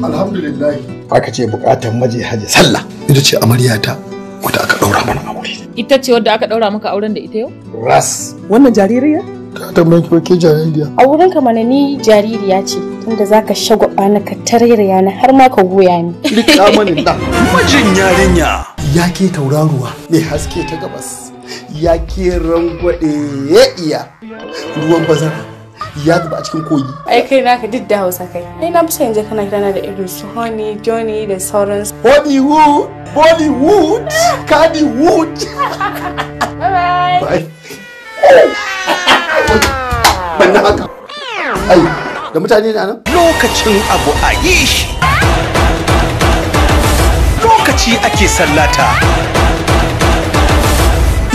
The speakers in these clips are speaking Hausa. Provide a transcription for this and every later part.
alhamdulillah aka ce bukatar maje haji sallah ita ce amaryata wadda aka daura mana aure ita ce wadda aka daura maka auren da ita yau ras wannan jaririya ka ta mai ke jaririya a wurin ka mana ni jaririya ce tunda zaka shagwaba na ka tarayya na har ma ka goya ni rika mani da majin yarinya ya ke tauraruwa mai haske ta gabas ya ke rangwade ya iya ruwan bazara ya zuba a cikin kogi ai kai naka duk da hausa kai ni na fi yanzu kana kirana da irin su honey johnny da sauransu hollywood bollywood cardiwood bye bye banda ai da mutane na nan lokacin abu a yi shi lokaci ake sallata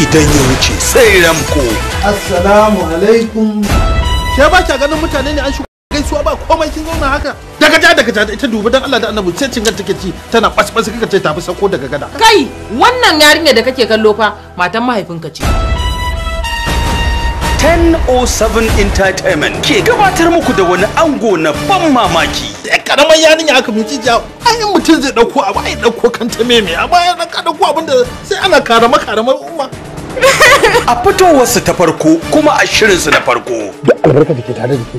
idan ya wuce sai ramko assalamu alaikum ke ba kya ganin mutane ne an shigo gaisuwa ba komai kin zauna haka daga ja daga ja ita dubi dan Allah da Annabi sai cingar take ci tana basbas kika ce tafi sako daga gada kai wannan yarinya da kake kallo fa matan mahaifinka ce 1007 Entertainment ke gabatar muku da wani ango na ban mamaki. Eh, karamar yarinya aka mai jijiya a yi mutum zai ɗauko abu ai ɗauko kanta meme amma ya ɗauko abin da sai ana karama karamar umma. a fitowarsu ta farko kuma a shirinsu na farko da albarka da ke tare da ke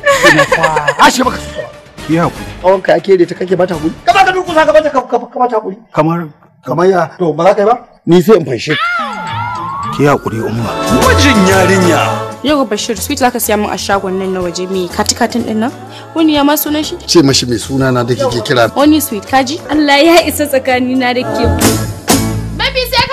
a shi baka ki hakuri tsawon ka ake da ta kake bata hakuri ka baka duku ka bata ka bata hakuri kamar kamar ya to ba za ka yi ba ni sai in fanshe ki haƙuri umma mijin yarinya yau bashir sweet zaka siya min a shagon nan na waje me katikatin din nan wani ya ma sunan shi ce mashi mai suna na da kike kira wani sweet kaji Allah ya isa tsakani na da ke baby sai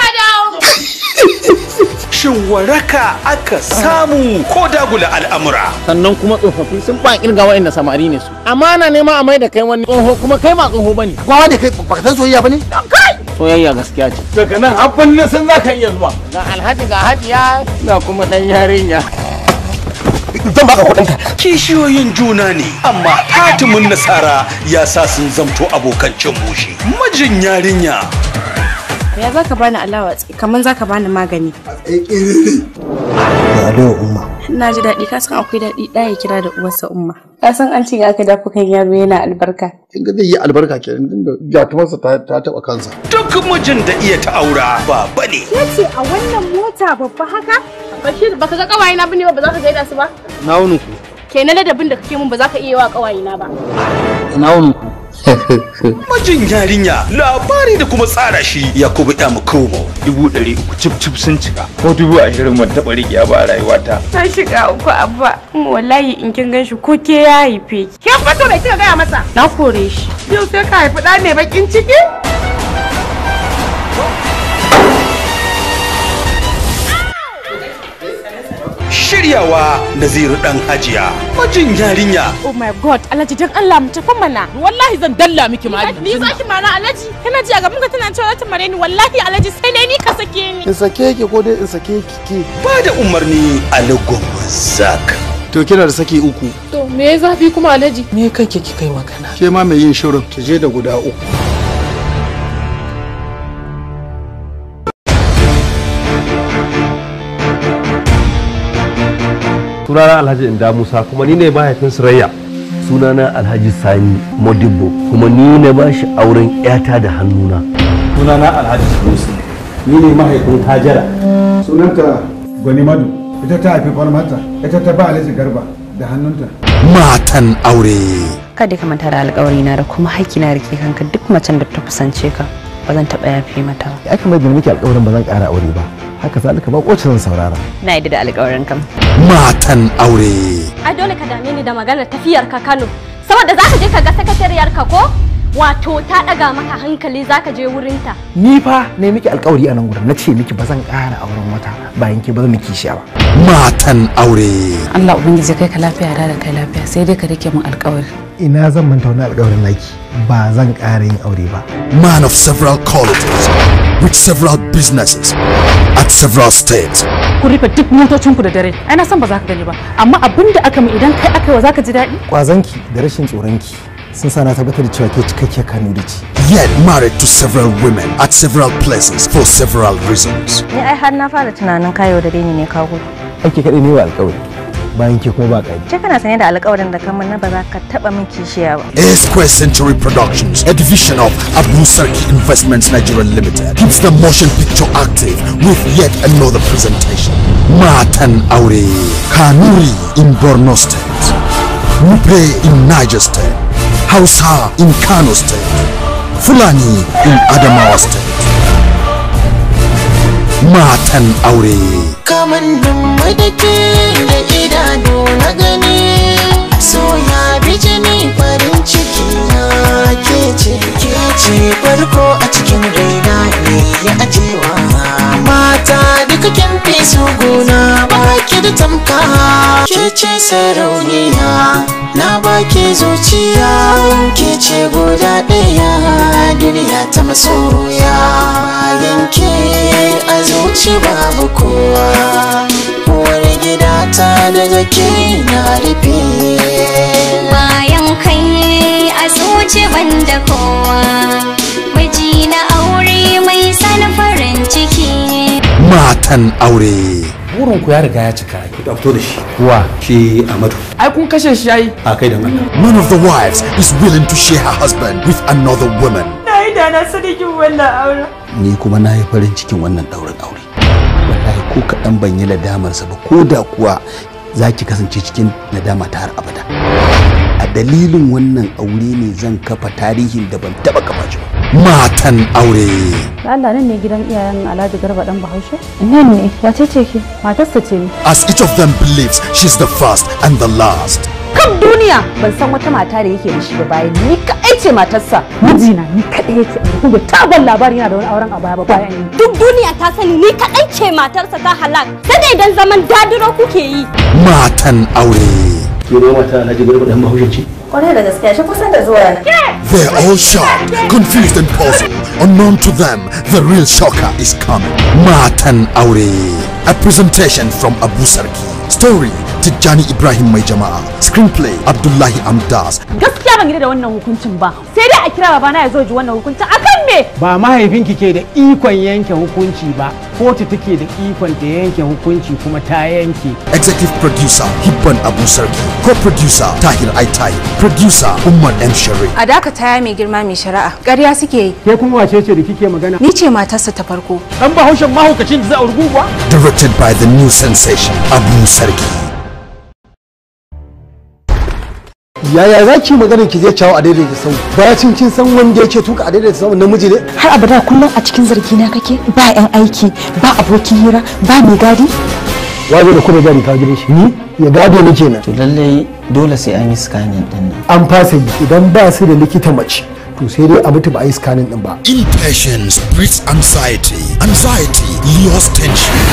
shin waraka aka samu ko dagula al'amura sannan kuma tsofaffi sun ba kirga da samari ne su amana ne ma a mai da kai wani tsoho kuma kai ma tsoho bane kwawa da kai baka san soyayya bane kai soyayya gaskiya ce daga nan abin ne sun zaka iya zuwa ga alhaji ga hajiya ga kuma dan yarinya zan baka kuɗinka. Kishiyoyin juna ne, amma hatimin nasara ya sa sun zamto abokan cin mushi. Majin yarinya Ya za ka bani alawa tsaye kamar za ka bani magani. A tsaye ƙiriri. Ya alewa umma. Na ji daɗi ka san akwai daɗi ɗaya kira da uwarsa umma. Ka san an ce ga aka dafa kan yaro yana albarka. Kin ga zai yi albarka ke, nan da gatumarsa ta taɓa kansa. Duk mijin da iya ta aura baba ne. Ya ce a wannan mota babba haka? Bashir baka ga ƙawaye na bane ba ba za ka gaida su ba? Na wuni ku. kenan ladabin da kake mun ba za ka iya wa kawayena ba ina wani ku majin yarinya labari da kuma tsara shi yakubu ya mukumo dubu ɗari uku cif cif sun cika ko dubu ashirin ban taɓa ya ba a rayuwata na shiga uku abba wallahi in kin gan shi ko ke ya haife ki kin fito da kika gaya masa na kore shi yau sai ka haifi ɗa ne bakin ciki shiryawa naziru dan hajiya majin yarinya oh my god alhaji dan allah mu tafi mana wallahi zan dalla miki ma ni zaki mana alhaji kana ji a gaban ka tana cewa ta mare ni wallahi alhaji sai ne ni ka sake ni in sake ki ko dai in sake ki ki ba da umarni alagon zak to kina da saki uku to me zafi kuma alhaji me kake kika yi magana ke ma mai yin shirin ki je da guda uku sunana alhaji inda musa kuma ni ne mahaifin surayya sunana alhaji sani modibo kuma ni ne ba shi auren yata da hannuna sunana alhaji sunusi ni ne mahaifin hajara sunanta gwani madu ita ta haifi farmata ita ta ba alhaji garba da hannunta matan aure kada ka manta da alƙawari na da kuma haƙƙi na rike kanka duk macen da ta kusance ka ba zan taɓa yafe mata ba aka mai da muke alƙawarin ba zan ƙara aure ba haka za ka ba kowace zan saurara na yadda da alƙawarin kam matan aure ai dole ka dame ni da maganar tafiyar ka Kano saboda za ka je ka ga sakatariyar ka ko wato ta ɗaga maka hankali za ka je wurin ta ni fa ne miki alƙawari a nan na ce miki ba zan ƙara auren wata bayan ki ba miki shi ba matan aure Allah ubangiji kai ka lafiya da kai lafiya sai dai ka rike mu alƙawari ina zan manta wani alƙawarin laki ba zan ƙara yin aure ba man of several colleges with several businesses at several states ku rufe duk motocinku da dare ai na san ba za ka gani ba amma abin da aka mu idan kai aka wa za ka ji daɗi kwazanki da rashin tsoronki sun sa na tabbatar da cewa ke cikakke kanu da ci yet married to several women at several places for several reasons ni ai har na fara tunanin kayo da ni ne kawo ake kaɗai ne wa alƙawari bayan ke ba kai. Ce kana sanye da alƙawarin da kamar na ba za ka taɓa min kishiya ba. A Square Century Productions, a division of Abu Investments Nigeria Limited, keeps the motion picture active with yet another presentation. Matan Aure, Kanuri in Borno State, Nupe in Niger State, Hausa in Kano State, Fulani in Adamawa State. Matan Aure. alamun mu da ke da idanu na gani so ya jini farin ciki na ke ce ke ce farko a cikin raina ne ya ajewa mata duka kin fi su guna baki da tamka ke ce sarauniya na baki zuciya ke ce guda ɗaya duniya ta masoya Yanke azuci a zuci babu kowa uwar gida ta daga ke na rufe bayan kai a zuci banda kowa miji na aure mai san farin ciki matan aure burin ku ya riga ya cika ki dauko da shi kuwa ki Amadu ai kun kashe shi ai a kai da Allah one of the wives is willing to share her husband with another woman nayi da na sadikin wannan aure ni kuma nayi farin cikin wannan daurin aure wallahi ko kadan ban yi sa ba ko da kuwa za ki kasance cikin nadama ta har abada. a dalilin wannan aure ne zan kafa tarihin da ban taba kafa matan aure Allah nan ne gidan iyayen Alhaji Garba dan Bahaushe nan ne wace ce ki matarsa ce ni as each of them believes she is the first and the last kan duniya ban san wata mata da yake da shi ba bayan ni kaɗai ce matarsa mijina ni kaɗai yake kuma ban labari yana da wani auren a baya ba bayan ni duk duniya ta sani ni kaɗai ce matarsa ta halak sai idan zaman dadiro kuke yi matan aure ke ne mata alhaji shi zuwa They are all shocked, confused and puzzled. Unknown to them, the real shocker is coming. Matan Aure. A presentation from Abu Sarki. Story Tijjani Ibrahim Mai Jama'a. Screenplay Abdullahi Amdas. Gaskiya ban gina da wannan hukuncin ba. sai dai a kira babana ya zo ji wannan hukuncin akan me ba mahaifinki ke da ikon yanke hukunci ba kotu take da ikon da yanke hukunci kuma ta yanke executive producer hibban abu sarki co-producer tahir aitai producer umar m shari a dakata ya mai girma mai shari'a ƙarya suke yi ke kuma wace ce da kike magana ni ce matarsa ta farko dan bahaushen mahaukacin da za a rugu directed by the new sensation abu sarki yaya za ki magana ki zai cawo a da sau bacin kin san wanda yake tuka a da sau namiji ne har abada kullum a cikin zargi na kake ba yan aiki ba abokin hira ba mai gadi waje da kuma gani ka gidan shi ni ya gado ni kenan to lalle dole sai an yi scanning din an fasa yi idan ba su da likita mace to sai dai a mutu ba a yi scanning din ba impatience breeds anxiety anxiety leos tension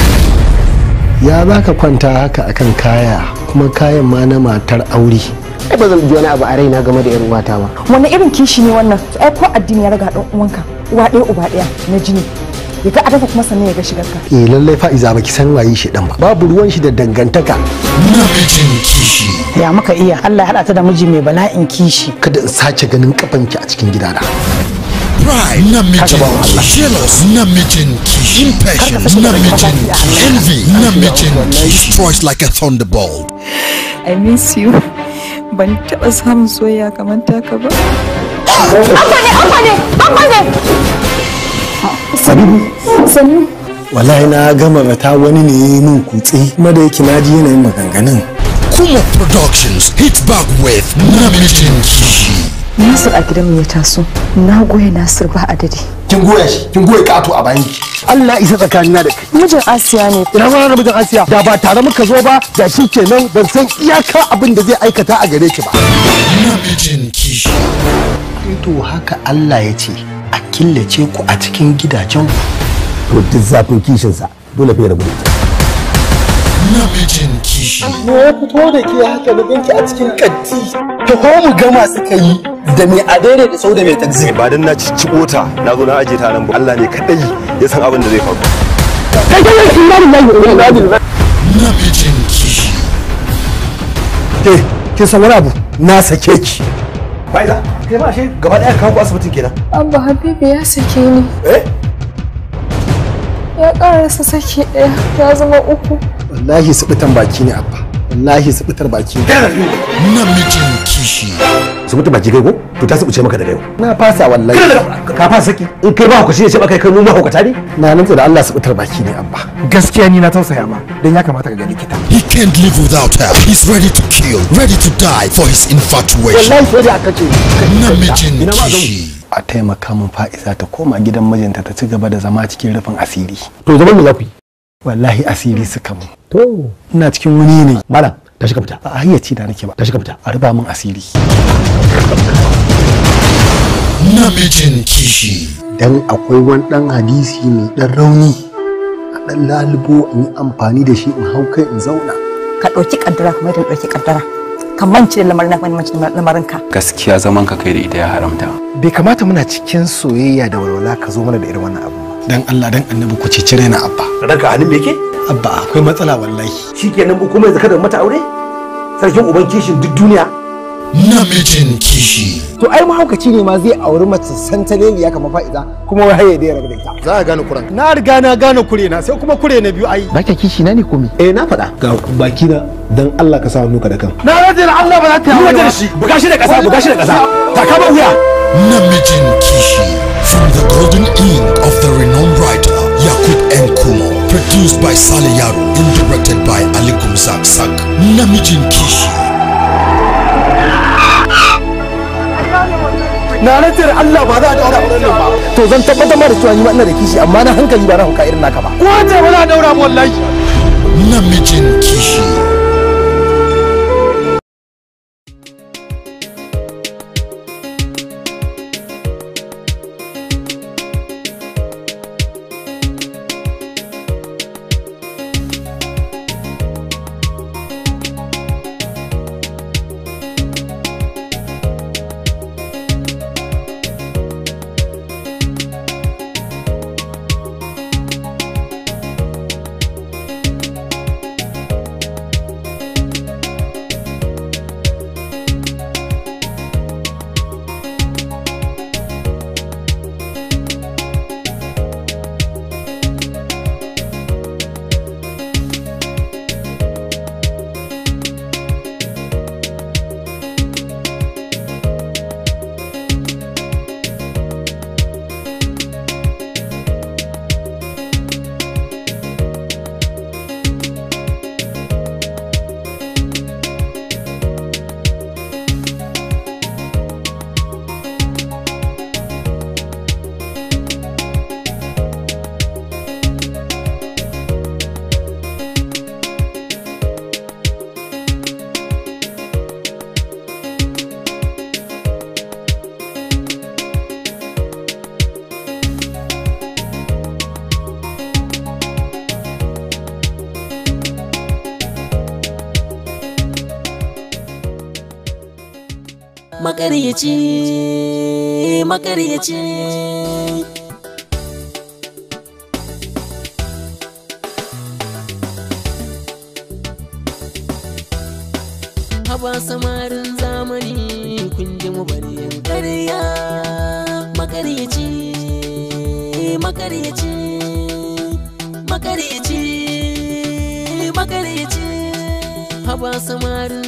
ya baka kwanta haka akan kaya kuma kayan ma na matar aure ai ba zan ji wani abu a raina game da 'yan uwata ba wani irin kishi ne wannan ai ko addini ya raga dan uwanka uwa ɗaya uba ɗaya na jini ya ka adafa kuma sannan ya ga shigar ka eh lallai fa'iza baki san waye shi dan ba babu ruwan shi da dangantaka lokacin kishi ya maka iya Allah ya hada ta da miji mai bala'in kishi kada in sace ganin kafanki a cikin gidana pride, I miss you. ban taɓa samun soyayya kamar taka ba. Abba ne, abba Sanu! Sanu! Wallahi na gama bata wani ne ya min kutse kuma da yake na ji yanayin maganganun. Kuma Productions hit back with Namijin Kishi. Nasir a gidanmu ya taso. Na goya Nasir ba adadi. Kin goya shi, kin goya kato a bayan Allah isa tsakanin na da kai. Mijin Asiya ne. Ina ma na mijin Asiya. Da ba tare muka zo ba, da shi kenan ban san iyaka abin da zai aikata a gare ki ba. Namijin kishi. Eh to haka Allah ya ce a killace ku a cikin gidajen ku. To duk zafin kishinsa dole fa ya rabu da namijin kishi. Me ya fito da ke haka na binki a cikin kanti? Ta mu gama suka yi. da mai adere da sau da mai taxi ba dan na cicciɓo ta na zo na aje ta nan ba Allah ne kadai ya san abin da zai faru na bijin ki ke kin san wani abu na sake ki Faiza, kai ba shi gaba daya ka ku asibitin kenan. Abba Habibu ya sake ni. Eh? Ya karasa sake daya, ya zama uku. Wallahi subutan baki ne abba. Wallahi subutar baki ne. Namijin kishi. su mutu baki kai ko to ta subuce maka daga yau na fasa wallahi ka fasa saki in kai ba ku shi ce baka kai mu mahaukata ne na nan da Allah subutar baki ne abba gaskiya ni na tausaya ma dan ya kamata ka ga likita he can't live without her he's ready to kill ready to die for his infatuation wallahi ko da aka ce mijin kishi a taimaka min fa'iza ta koma gidan mijinta ta ci gaba da zama cikin rufin asiri to zaman mu za ku yi wallahi asiri suka mu to ina cikin wani ne malam tashi ka fita a ci da nake ba tashi ka fita a riba mun asiri namijin kishi dan akwai wani dan hadisi mai dan rauni a dan lalubo in yi amfani da shi in hau kai in zauna ka ɗauki kaddara kamar da ɗauki kaddara ka mance da lamarin ka mance lamarin ka gaskiya zaman ka kai da ita ya haramta bai kamata muna cikin soyayya da walwala ka zo mana da irin wannan abu dan Allah dan annabi ku cire na abba ranka halin me yake abba akwai matsala wallahi shikenan uku mai zakar kada mata aure sarkin uban kishin duk duniya mijin kishi to ai mahaukaci ne ma zai auri mace santaleliya kamar fa'ida kuma wai haye da ya rabu da ita za a gane kuran na riga na gane kure na sai kuma kure na biyu ai ka kishi na ne ko me eh na faɗa ga baki na dan Allah ka sa hannu ka da kan na raje da Allah ba za ta yi ba buga shi da kasa buga shi da kasa ta kama wuya mijin kishi From the Golden King of the renowned writer Yakub N. Produced by Sally Yaro and directed by Alikum Zak Zak, Namijin Kishi. na Allah ba a daura nan kishi amma naka ba namijin kishi makaryaci makaryaci haba samarin zamani kun ji mu bari yin ƙarya makaryaci makaryaci makaryaci makaryaci haba samarin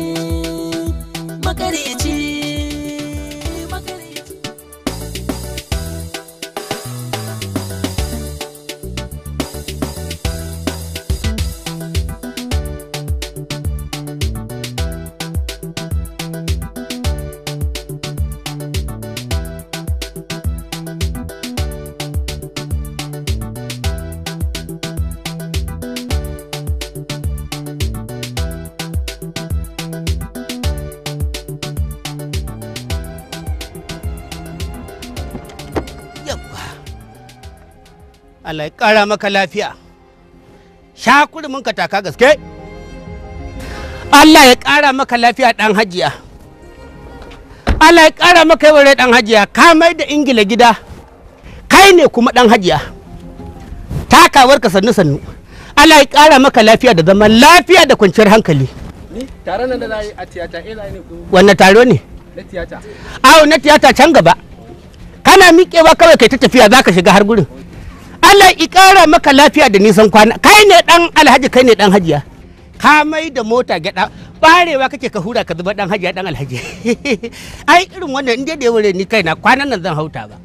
Allah ya ƙara maka lafiya sha mun ka taka gaske Allah ya ƙara maka lafiya ɗan hajiya Allah ya ƙara maka yawarai ɗan hajiya ka mai da ingila gida kai ne kuma ɗan hajiya takawar ka sannu sannu Allah ya ƙara maka lafiya da zaman lafiya da kwanciyar hankali ni tare nan da na a tiyata ila eh, ne ko wanne taro ne na tiyata awo na tiyata can gaba kana miƙewa kawai kai ta tafiya zaka shiga har gurin Allah ya ƙara maka lafiya da nisan kwana kai ne dan alhaji kai ne dan hajiya ka mai da mota gyaɗa barewa kake ka hura ka zuba dan hajiya dan alhaji ai irin wannan in da wure ni kaina kwanan nan zan hauta ba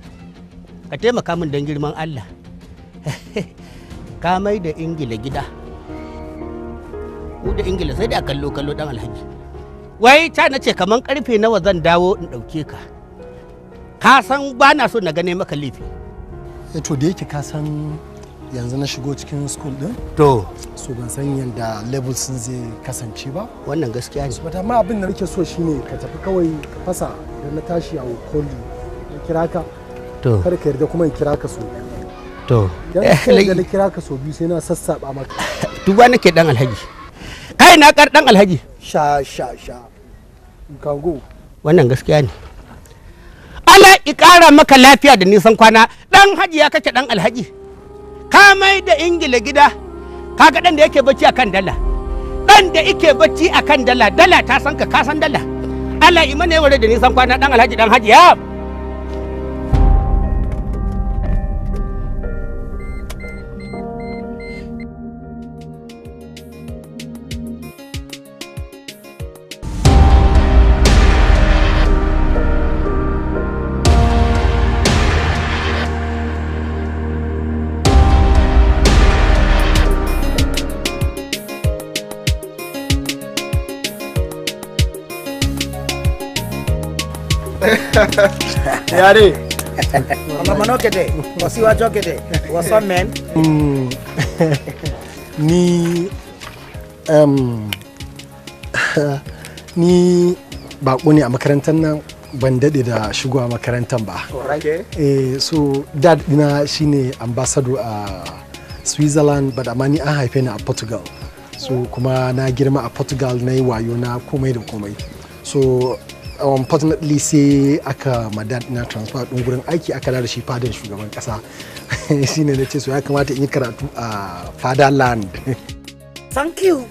ka taimaka min dan girman Allah ka mai da ingila gida ku da ingila sai da kallo kallo dan alhaji wai ta na ce kaman karfe nawa zan dawo in ɗauke ka ka san ba na so na gane maka laifi Eh, to da yake ka san yanzu na shigo cikin school din to so ban san yanda level sun zai kasance ba wannan gaskiya ne saboda amma abin da nake so shine ka tafi kawai ka fasa da na tashi a call na kira ka to kar ka yarda kuma in kira ka so to idan na eh, kira ka so biyu sai na sassaba maka duba nake dan alhaji kai na kar dan alhaji sha sha sha kango wannan gaskiya ne Allah i ƙara maka lafiya da nisan kwana dan hajiya kake dan alhaji ka mai da ingila gida kaga dan da yake bacci akan dala dan da yake bacci akan dala dala ta san ka ka san dala Allah i mana da nisan kwana dan alhaji dan hajiya yare kete wasiwacokete wasomen ni um, ni ne a makarantar nan ban daɗe da shigowa makarantar ba eh, so dad dina shine ambassador a switzerland but amma ni an haife ni a portugal so kuma na girma a portugal na yi wayo na komai da komai so unfortunately um, sai aka madad na transfer din gurin aiki aka da shi fadan shugaban kasa shine na ce so ya kamata in yi karatu a fatherland Thank you.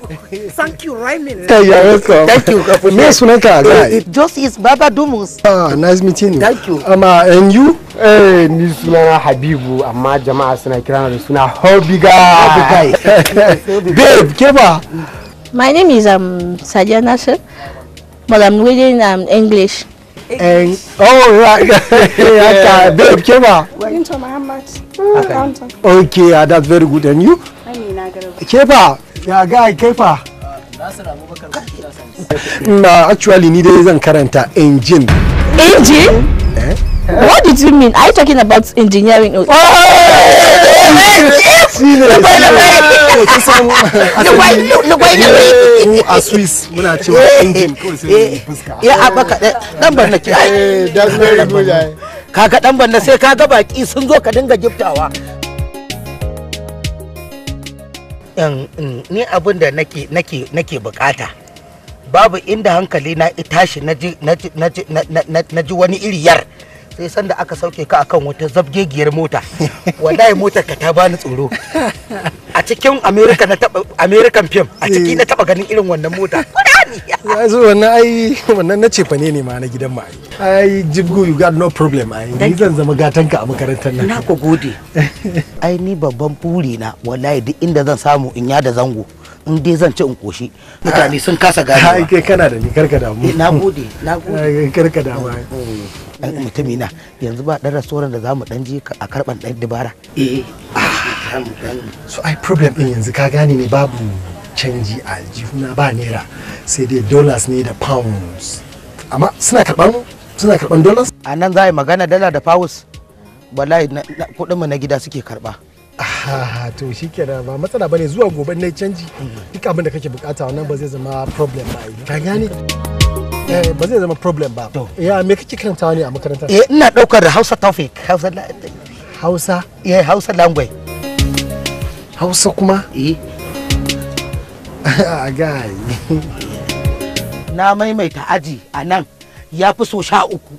Thank you, Raymond. Hey, you're welcome. Thank you. Me sunanka guy. It just is Baba Dumus. Ah, nice meeting you. Thank you. Amma um, uh, and you? Eh, ni sunana Habibu amma jama'a suna kira da suna Hobby guy. Hobby Babe, keba. My name is um, sajana Nasir. but I'm reading um, English. And, oh, right. yeah. Babe, Kema. Winter Muhammad. okay. okay, that's very good. And you? Kefa, ya guy Kefa. Na actually ni dai zan karanta engine. Engine? Eh? What did you mean? Are you talking about engineering? Oh! shine lugwai a swiss muna cewa sai fuska ga baƙi dan baki sun zo ka dinga giftawa ni abin da nake nake nake bukata babu inda hankali na tashi na ji wani iriyar sai sanda aka sauke ka akan wata zabgegiyar mota wallahi motar ka ta bani tsoro a cikin america na taba american film a ciki eh. na taba ganin irin wannan mota ya zo wannan ai wannan na cefa ne ma na gidan ma ai jibgu you got no problem ai ni zan zama gatan ka a makarantar nan na ku gode ai ni babban buri na wallahi duk inda zan samu in ya da zango in dai zan ci in koshi mutane sun kasa gane ai kai kana da ni karka da mu eh, na gode na gode karka da mu eh, dan mutumi na yanzu ba dan rasoran da zamu dan je a karban dan dubara eh ah, so i problem din yanzu ka gane ne babu canji a jihuna ba naira sai dai dollars ne da pounds amma suna karban suna karban dollars a nan za a yi magana dala da pounds wallahi kuɗin mu na gida suke karba to shi kenan ba matsala bane zuwa gobe na canji duk abin da kake bukata wannan ba zai zama problem ba ka gane eh, ba zai zama problem ba ya me kake karantawa ne a makarantar eh ina daukar da Hausa Tawfiq Hausa Hausa eh Hausa language Hausa kuma eh a gai na maimaita aji a nan ya fi so sha uku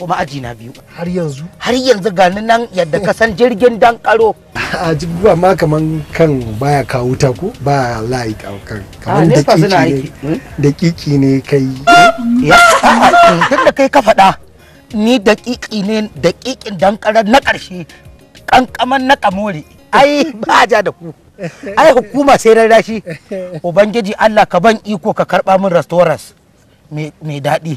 kuma aji na biyu har yanzu har yanzu gani nan yadda ka san jirgin dan karo a ba ma kaman kan baya kawo ta ko ba layi kan kaman da kiki ne da kiki hmm? ne kai tunda kai ka faɗa ni da kiki ne da kikin dan karar na ƙarshe kankaman na kamore ai ba ja da ku ai hukuma sai rarrashi ubangiji Allah ka ban iko ka karba min restaurants mai daɗi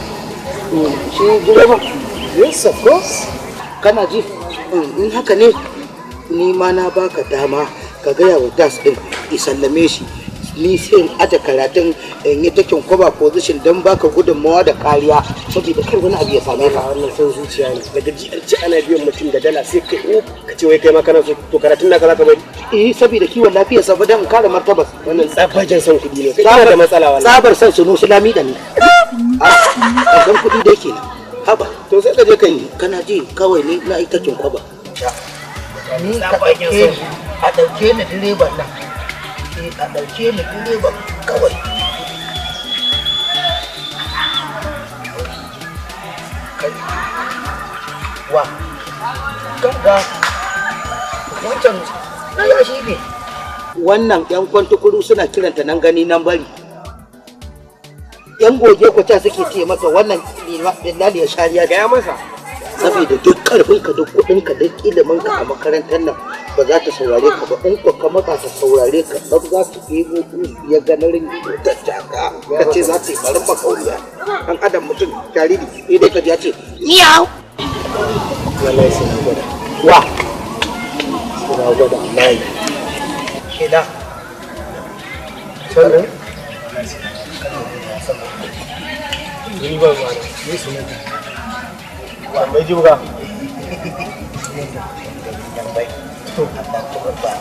shi direba yes of course kana ji mm, in haka ne ni ma na baka dama ka gaya wa das I isallame shi ni sai in aje karatun eh, in yi takin kwaba position don baka gudunmawa da kariya saboda kar wani abu ya same ka wannan son zuciya ne daga GLC ana biyan mutum da dala sai kai o oh, ka ce wai kai ma kana so to karatun za ka bari eh saboda kiwon lafiya sabu dan kare martabar wannan tsabajen son kuɗi ne kai da matsala wannan tsabar son su nusu da ne a ah, kan kuɗi da yake haba to sai ka je kai kana ji kawai ne na kin kwaba ni ka a ɗauke ni direban nan ce a ɗauke mu direba kawai wa ganga wancan na yashi ne wannan yan kwantukuru suna kiranta nan gani nan bari yan goge kwata suke ce masa wannan lillahi ya shariya ga masa saboda duk ka duk kuɗinka duk iliminka a makarantar nan ba za ta saurare ka ba in ka maka ka saurare ka ba za ta ɗebo ya ganarin ta jaka ka ce za ta yi barin makauniya an adam mutum tare da dai ka ji ya ce miyau wallahi suna gwada wa suna gwada wallahi kina sannan ni ba ma ne suna gwada tambayi ji buga to ka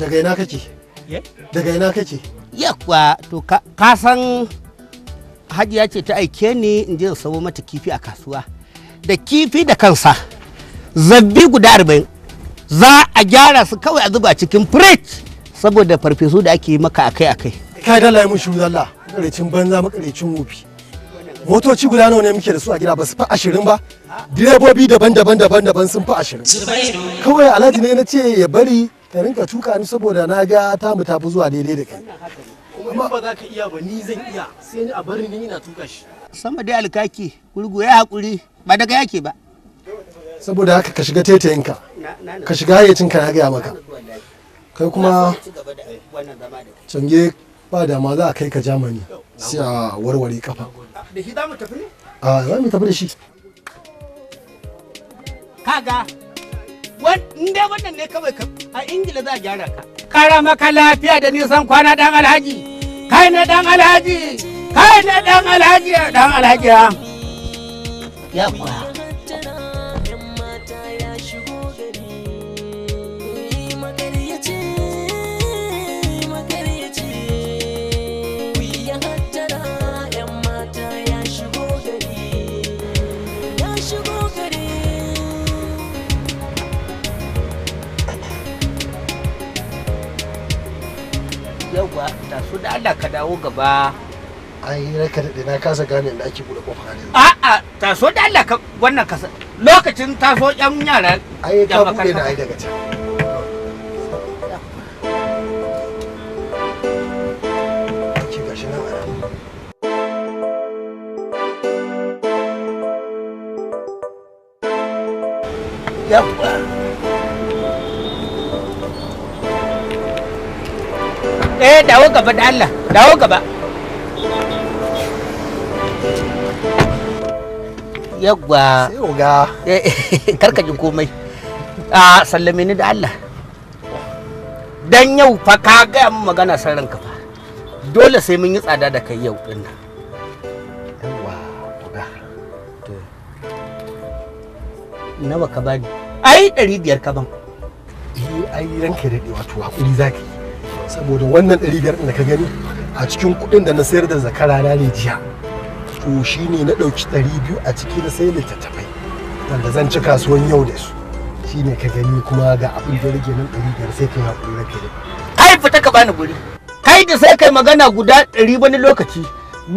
daga ina kake daga ina to ka san hajiya ce ta aike ni in je sabo mata kifi a kasuwa da kifi da kansa zabbi guda arba'in za a gyara su kawai a zuba cikin fridge saboda farfesu da ake maka akai akai kai da lai mushi zalla makarecin banza makarecin wofi motoci guda nawa ne muke da su a gida ba su fa ashirin ba direbobi daban-daban daban-daban sun fa ashirin kawai alhaji ne na ce ya bari ka rinka tuka ni saboda na ga tamu tafi zuwa daidai da kai kuma ba za ka iya ba ni zan iya sai ni a bari ni ina tuka shi sama dai alkaki gurgu ya haƙuri ba daga yake ba saboda haka ka shiga tetayinka ka shiga hayyacinka na gaya maka kai kuma cange ba dama za a kai ka jamani sai a warware kafa a za mu tafi da shi kaga inda wannan ne kawai a ingila za a gyara ka kara maka lafiya da nisan kwana dan alhaji kai na dan alhaji kai na dan alhaji dan alhaji ya kwa yauwa da su da Allah ka dawo gaba ai raka da na kasa gane inda ake bude ƙofa ne a'a taso da Allah ka wannan kasa lokacin taso yan yara ai ka buɗe na ai daga can yawwa eh dawo gaba da Allah dawo gaba yagwa eh, karka ji komai a sallame ni da Allah dan yau fa ka ga magana san ranka fa dole sai mun yi tsada da kai yau din nan yagwa kuga to nawa ka bani ai 500 ka ban eh ai ranka dade wato hakuri zaki saboda wannan 500 da ka gani a cikin kuɗin da na sayar da zakara na ne jiya to shine na ɗauki 200 a ciki na sayar littattafai wanda zan ci kasuwan yau da su shine ka gani kuma ga abin da rage nan 500 sai kai hakuri na da kai fita ka bani guri kai da sai kai magana guda 100 wani lokaci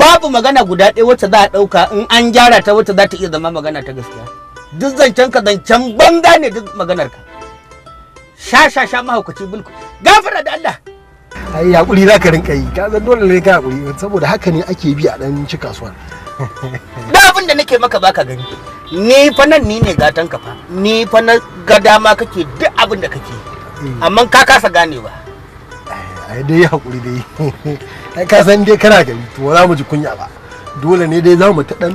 babu magana guda ɗaya wacce za a ɗauka in an gyara ta wacce za ta iya zama magana ta gaskiya duk zancen ka zancen banga ne duk maganar ka sha sha sha mahaukaci bulku gafara da Allah ai hakuri za ka rinka yi ka zan dole ne ka hakuri saboda haka ne ake bi a dan ci kasuwa da abin da nake maka baka gani ni fa nan ni ne gatan ka fa ni fa na ga dama kake duk abin da kake hmm. amma ka kasa ganewa ai dai hakuri dai ka san dai kana gani to za mu ji kunya ba dole ne dai za mu ta dan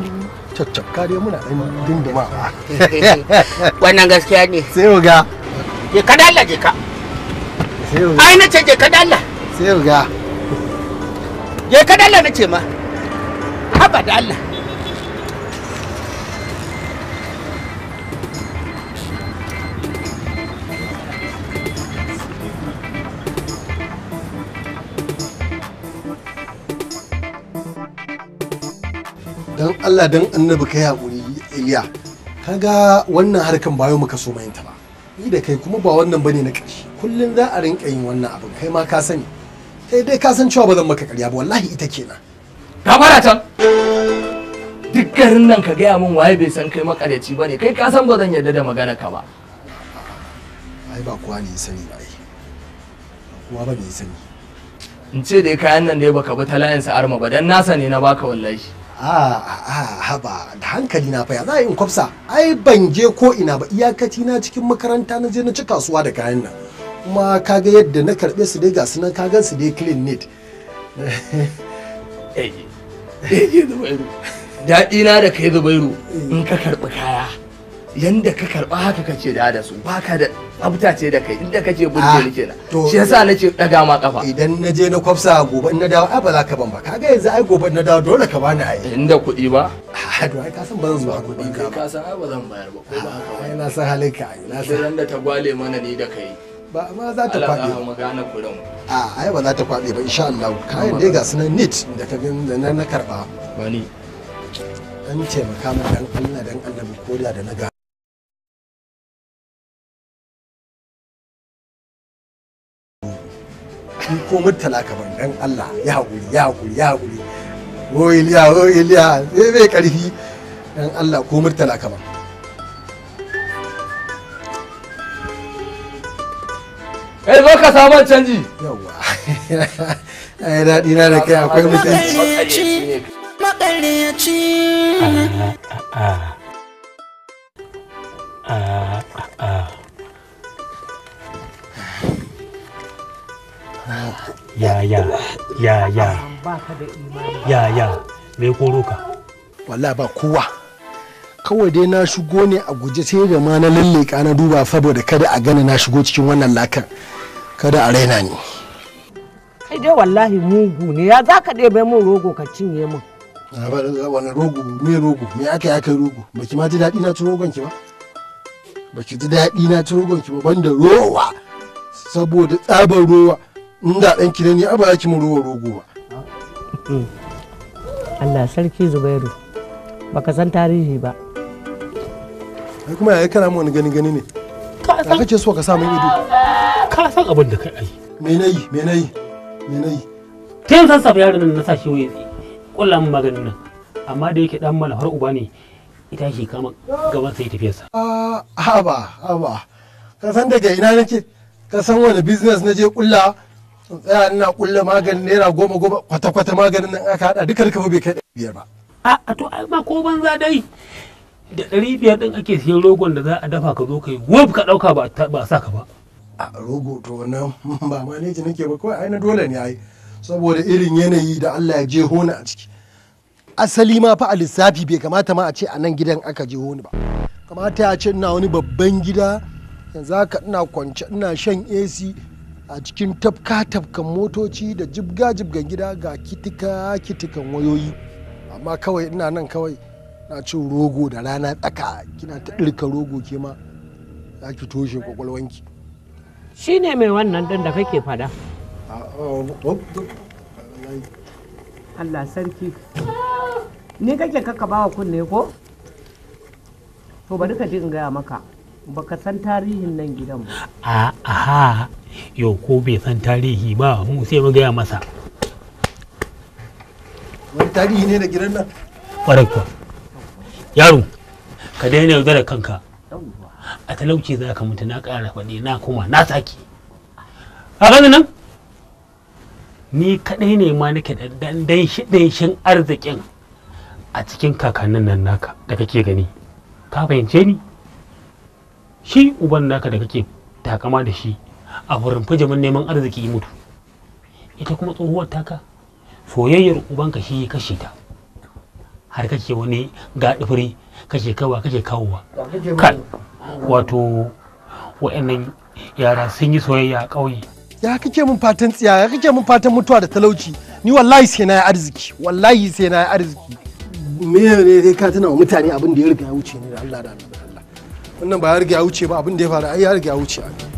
caccaka dai muna dan dindima wannan gaskiya ne sai ga je ka dalla je ka ai na ce je ka dalla sai ga je ka dalla na ce ma haba da Allah don Allah don annabi kai haƙuri Iliya kaga wannan harkan bayo muka so mayinta ba ni da kai kuma ba wannan bane na ƙarshe kullum za a rinka yin wannan abin kai ma ka sani kai dai ka san cewa ba zan maka ƙarya ba wallahi ita kenan fara can duk garin nan ka gaya min waye bai san kai makaryaci ba ne kai ka san ba zan yarda da magana ka ba ai ba kuwa ne sani ba ai kuwa ba bai sani in ce dai kayan nan dai baka bi ta layin sa arma ba dan nasa ne na baka wallahi a a haba da hankali na faya za a yi in kwafsa ai ban je ko ina ba iyakaci na cikin makaranta na je na ci kasuwa da kayan nan kuma kaga yadda na karɓe su dai gasu nan kagan su dai clean neat daɗi na da kai zubairu eh. in ka karɓi kaya yanda ka karɓa haka ka ce da da su ba ka da abuta ce da kai inda ka ce burge ah, ni kenan shi yasa na ce ɗaga ma kafa idan na je na kwafsa gobe na dawo ai ba za ka ban ba kaga yanzu ai gobe na dawo dole ka bani ai inda kuɗi ba a ah, to ai ka san ban zuwa kuɗi ka ka san ai ba zan bayar ba ko ba haka ai na san halinka ai na san yanda ta gwale mana ni da kai ba amma za ta kwaɓe a ai ba za ta kwaɓe ba insha Allah kayan dai ga sunan nit da ka gan da na karɓa ba ni an taimaka min dan Allah dan annabi ko da da na ga ko murtala ka ban dan Allah ya hakuri ya hakuri ya hakuri o iliya o iliya sai eh, mai karfi dan Allah ko murtala ban kai eh, zo ka samu canji yawa ai daɗi na da kai akwai mutunci makaryaci ya ya ya ya ya ya mai koro ka ba kowa kawai dai na shigo ne a guje sai da ma na lalleka na duba saboda kada a gani na shigo cikin wannan lakar. kada a raina ni kai dai wallahi mugu ne ya za ka ɗebe min rogo ka cinye min wani rogo me rogo me aka aka rogo ki ma ji daɗi na ci rogon ki ba ki ji daɗi na ci rogon ki ba banda rowa saboda tsabar rowa in da ɗan ki ne a ba ki mu rowa rogo ba Allah sarki Zubairu baka san tarihi ba ai kuma yayi kana mu wani gani gani ne ka san kake so ka sa min ido ka san abin da kai ai me nayi me nayi me nayi ta yanzu sa yaron nan na sa shi waye mun maganin nan amma da yake dan mala har uba ne ita shi kama gaban sai sa a ah, haba haba ka san daga ina nake ka san wani business na je kulla tsaya ina kulla maganin naira goma goma kwata-kwata maganin nan aka hada duka duka bai kai biyar ba a to ai ma ko banza dai da ɗari biyar ɗin ake siyan rogon da za a dafa ka zo ka yi wuf ka ɗauka ba a sa ka ba. a rogo to wannan ba ma ne nake ba kawai ai dole ne ai saboda irin yanayi da Allah ya je hona a ciki asali ma fa a lissafi bai kamata ma a ce a nan gidan aka je honi ba kamata ya ce ina wani babban gida yanzu haka ina kwance ina shan AC a cikin tafka tafkan motoci da jibga jibgan gida ga kitika kitikan wayoyi amma kawai ina nan kawai na cin rogo da rana tsaka kina ta ɗirka rogo ke ma za ki toshe kwakwalwanki shi ne mai wannan ɗin da kake fada Allah sarki ni kake kaka bawa kunne ko to bari ka ji in gaya maka baka san tarihin nan gidan ba a aha yau ko bai san tarihi ba mu sai mu gaya masa wani tarihi ne da gidan nan kwarai yaro ka daina da kanka a talauci za ka mutu na ƙara faɗi na kuma na sake a gani nan ni kaɗai ne ma nake da danshin arzikin a cikin kakannin nan naka da kake gani ka fahimce ni shi uban naka da kake takama da shi a wurin fijimin neman arziki mutu ita kuma tsohuwar taka soyayyar ubanka shi kashe ta har kake wani gaɗifiri kake kawa kake kawowa kan wato wa'annan yara sun yi soyayya a ƙauye ya kake mun fatan tsiya ya kake mun fatan mutuwa da talauci ni wallahi sai na yi arziki wallahi sai na yi arziki me ne dai ka tana wa mutane abin da ya riga ya wuce ne da Allah da Allah wannan ba ya riga ya wuce ba abin da ya faru ai ya riga ya wuce abin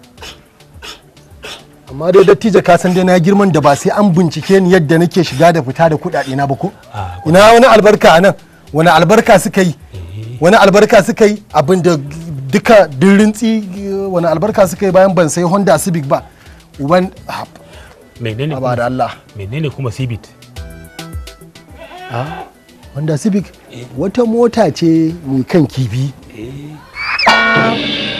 amma dai dattijo ka san dai na girman da ba sai an bincike ni yadda nake shiga da fita da kuɗaɗe na ba ko ah, ina wani albarka anan nan wani albarka suka yi eh. wani albarka suka yi abin da duka dirintsi wani albarka suka yi bayan ban sai honda civic ba uban menene ba da Allah menene kuma civic ah, honda civic eh. wata mota ce mai kan kibi eh.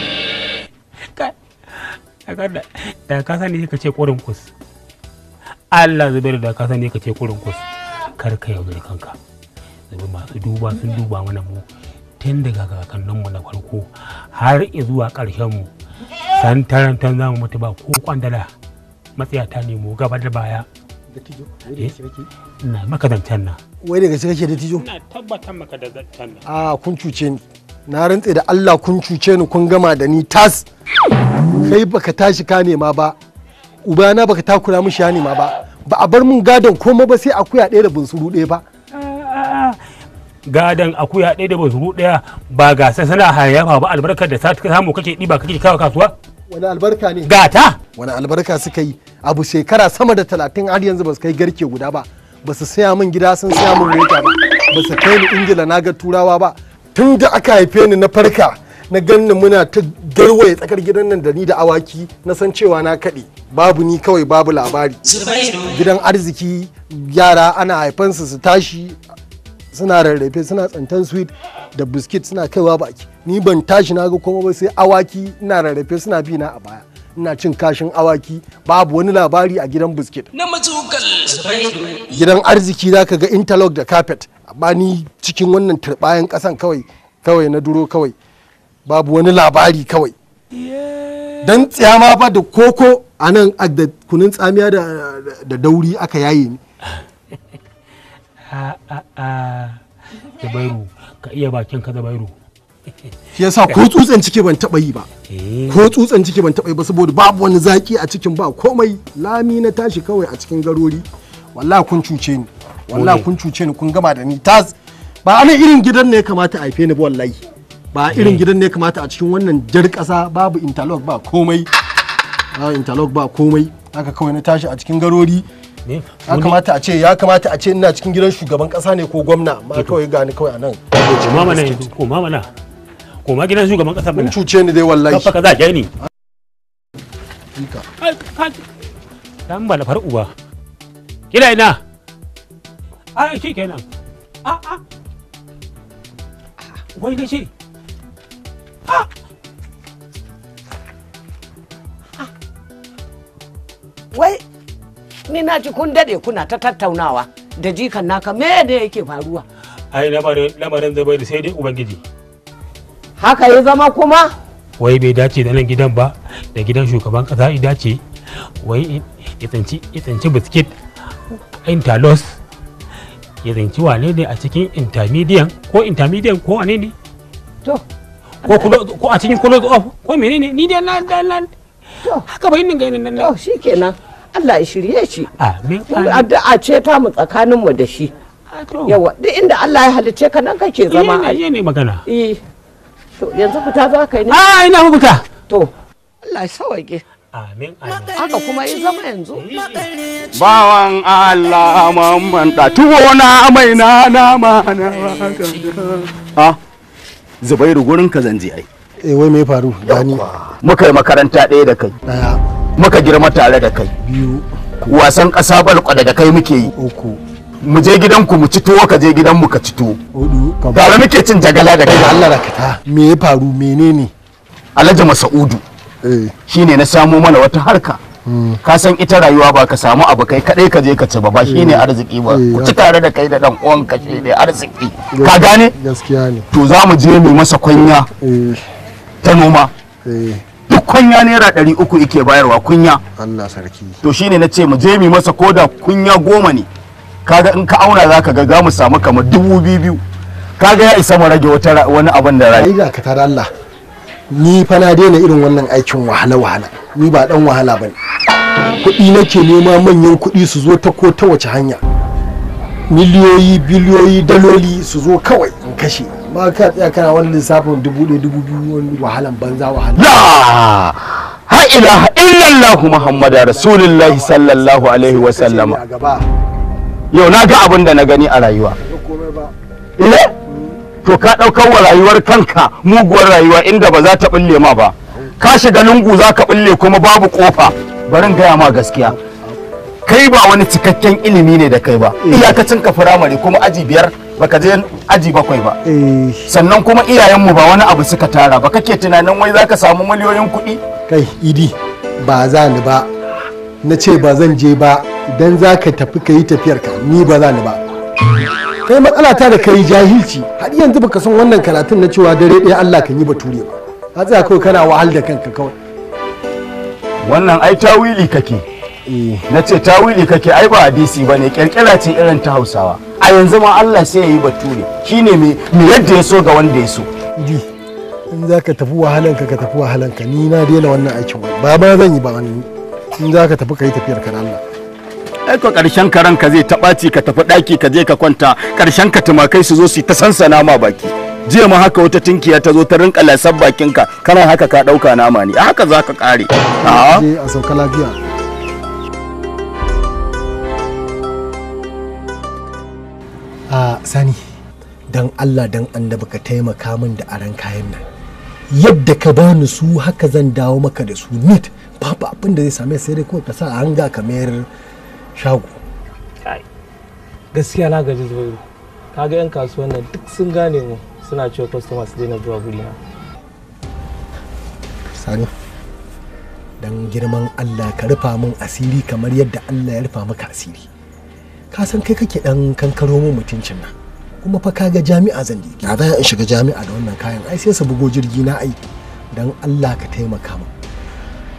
da ka sani ka ce ƙurin kus Allah zubairu da ka sani ka ce ƙurin kus kar ka yaudar kanka zubi masu duba sun duba mana mu tun daga kakanninmu na farko har zuwa ƙarshenmu san tarantar zamu mutu ba ko kwandala matsaya ta nemo gaba da baya na maka na wai daga suka ce da tijo na tabbatar maka na a ah, kun cuce ni na rantse da Allah kun cuce ni kun gama da ni tas kai baka tashi ka nema ba ubana baka takura mishi ya nema ba ba a bar mun gadon koma ba sai akuya ɗaya da bunsuru ɗaya ba gadon akuya ɗaya da bunsuru ɗaya ba sai sana hayama ba albarkar da ta samu kake ɗiba kake kawo kasuwa wani albarka ne gata wani albarka suka yi abu shekara sama da talatin har yanzu ba su kai garke guda ba ba su saya min gida sun saya min mota ba ba su kai ni ingila na ga turawa ba tun da aka haife ni na farka na ganni muna ta garwaye tsakar gidan nan da ni da awaki na san cewa na kaɗe babu ni kawai babu labari gidan arziki yara ana haifansu su tashi suna rarrafe suna tsantan sweet da biskit suna kaiwa baki ni ban tashi na ga kuma ba sai awaki ina rarrafe suna bi na a baya ina cin kashin awaki babu wani labari a gidan biskit gidan arziki ka ga interlock da carpet amma ni cikin wannan turbayan kasan kawai kawai na duro kawai babu wani labari kawai don tsiyama ba da koko a nan da kunin tsamiya da dauri aka yaye ni ah, ah, ah. bairu ka iya bakin ka Zubairu ya sa ko tsutsan ciki ban taba yi ba ko tsutsen ciki ban taba eh. yi ba saboda babu wani zaki a cikin ba komai lami na tashi kawai a cikin garori walla kun cuce ni walla kun cuce ni kun gama da ni tas ba ana irin gidan ne ya kamata a haife ni ba wallahi ba irin hmm. gidan ne kamata a cikin wannan jar kasa babu interlock ba komai ba interlock ba komai haka kawai na tashi a cikin garori ya kamata a ce ya kamata a ce ina cikin gidan shugaban kasa ne ko gwamna ma kawai ni kawai a nan ko mama ko ma gidan shugaban kasa mun cuce ni dai wallahi ka za jai ni dan bala faru ba kina ina a shi kenan a a wai ne shi wai ni na ji kun daɗe kuna ta tattaunawa da jikan naka me da yake faruwa ai lamarin zai da sai dai ubangiji haka ya zama kuma wai bai dace da nan gidan ba da gidan shugaban kasa ya dace wai ya tsinci biskit intalos ya tsinci wane ne a cikin intermediate ko intermediate ko wane ne to ko ko a cikin close off ko menene ni dai na na haka bai nin gainin nan to shikenan Allah ya shirye shi amin addu'a ce ta mu tsakanin mu da shi yawa duk inda Allah ya halice ka nan kake zama a ne magana eh to yanzu fita za ka yi ne a ah, ina fita to Allah ya sawake Amin. Haka kuma ya zama yanzu. Bawan Allah mamman tuwo na mai na nama na haka. zubairu gurin ka zanje ai eh wai me faru dani muka yi makaranta ɗaya da kai daya muka girma tare da kai biyu wasan ƙasa balkwada da kai muke yi uku mu je gidanku mu ci tuwo ka je gidan mu ka ci tuwo hudu tare muke cin jagala da kai Allah ta me ya faru menene Alhaji Masa'udu eh. shine na samo mana wata harka ka san ita rayuwa ba ka samu abu kai kadai ka je ka ci ba ba shine mm. arziki ba eh, ku ci tare da kai da dan uwan ka shi ne arziki ka gane gaskiya ne to za mu je mu masa kunya eh. ta noma eh. duk kunya naira ɗari uku yake bayarwa kunya Allah sarki to shine na ce mu je mu masa koda kunya goma ne kaga in ka auna zaka ga za mu samu kamar dubu biyu kaga ya isa mu rage wani abin da rai ga ka tar Allah ni fa na daina irin wannan aikin wahala wahala ni ba dan wahala bane kuɗi nake nema manyan kuɗi su zo ta ko ta wace hanya miliyoyi biliyoyi daloli su zo kawai in kashe ma ka tsaya kana wani lissafin dubu ɗaya dubu biyu wani wahalan banza wahala la ha illa allah muhammadu rasulullahi sallallahu alaihi wa yau na ga abin da na gani a rayuwa to ka ɗaukar wa rayuwar kanka muguwar rayuwa inda ba za ta ɓulle ma ba ka shiga lungu za ka ɓulle kuma babu ƙofa barin gaya ma gaskiya kai ba wani cikakken ilimi ne da kai ba eh. iyakacin ka firamare kuma aji biyar baka je aji bakwai ba eh. sannan kuma iyayenmu ba wani abu suka tara ba kake tunanin wai za ka samu miliyoyin kuɗi kai idi ba za ni ba na ce ba zan je ba idan za ka tafi ka yi tafiyarka ni ba za ni ba kai matsala ta da kai jahilci har yanzu baka san wannan karatun na cewa dare ɗaya Allah kan yi bature ba ka tsaya kawai kana wahal da kanka kawai wannan ai tawili kake eh. na ce tawili kake ai ba hadisi ba ne kirkira ce irin ta hausawa a yanzu ma Allah sai ya yi bature shine me yadda ya so ga wanda ya so in za ka tafi wahalanka ka tafi wahalanka ni na daina wannan aikin ba ba zan yi ba wani in za ka tafi ka yi tafiyar ka Allah aiko karshen karan ka zai taɓaci ka tafi ɗaki ka je ka kwanta karshen ka tumakai su zo su ta sansana ma baki jiya ma haka wata tinkiya ta zo ta rinka lasar ka kana haka ka ɗauka nama ne a haka za ka ƙare a sauka lafiya a sani don allah don annabi ka taimaka min da aran kayan nan yadda ka bani su haka zan dawo maka da su nit babu abin da zai same sai dai kawai ka sa hanga ka mayar shago gaskiya na gaji zubairu kaga yan kasuwan nan duk sun gane mu suna cewa customer su daina zuwa guri na sani dan girman Allah ka rufa mun asiri kamar yadda Allah ya rufa maka asiri ka san kai kake dan kankaro mu mutuncin nan kuma fa kaga jami'a zan je na da in shiga jami'a da wannan kayan ai sai su bugo jirgi na ai dan Allah ka taimaka min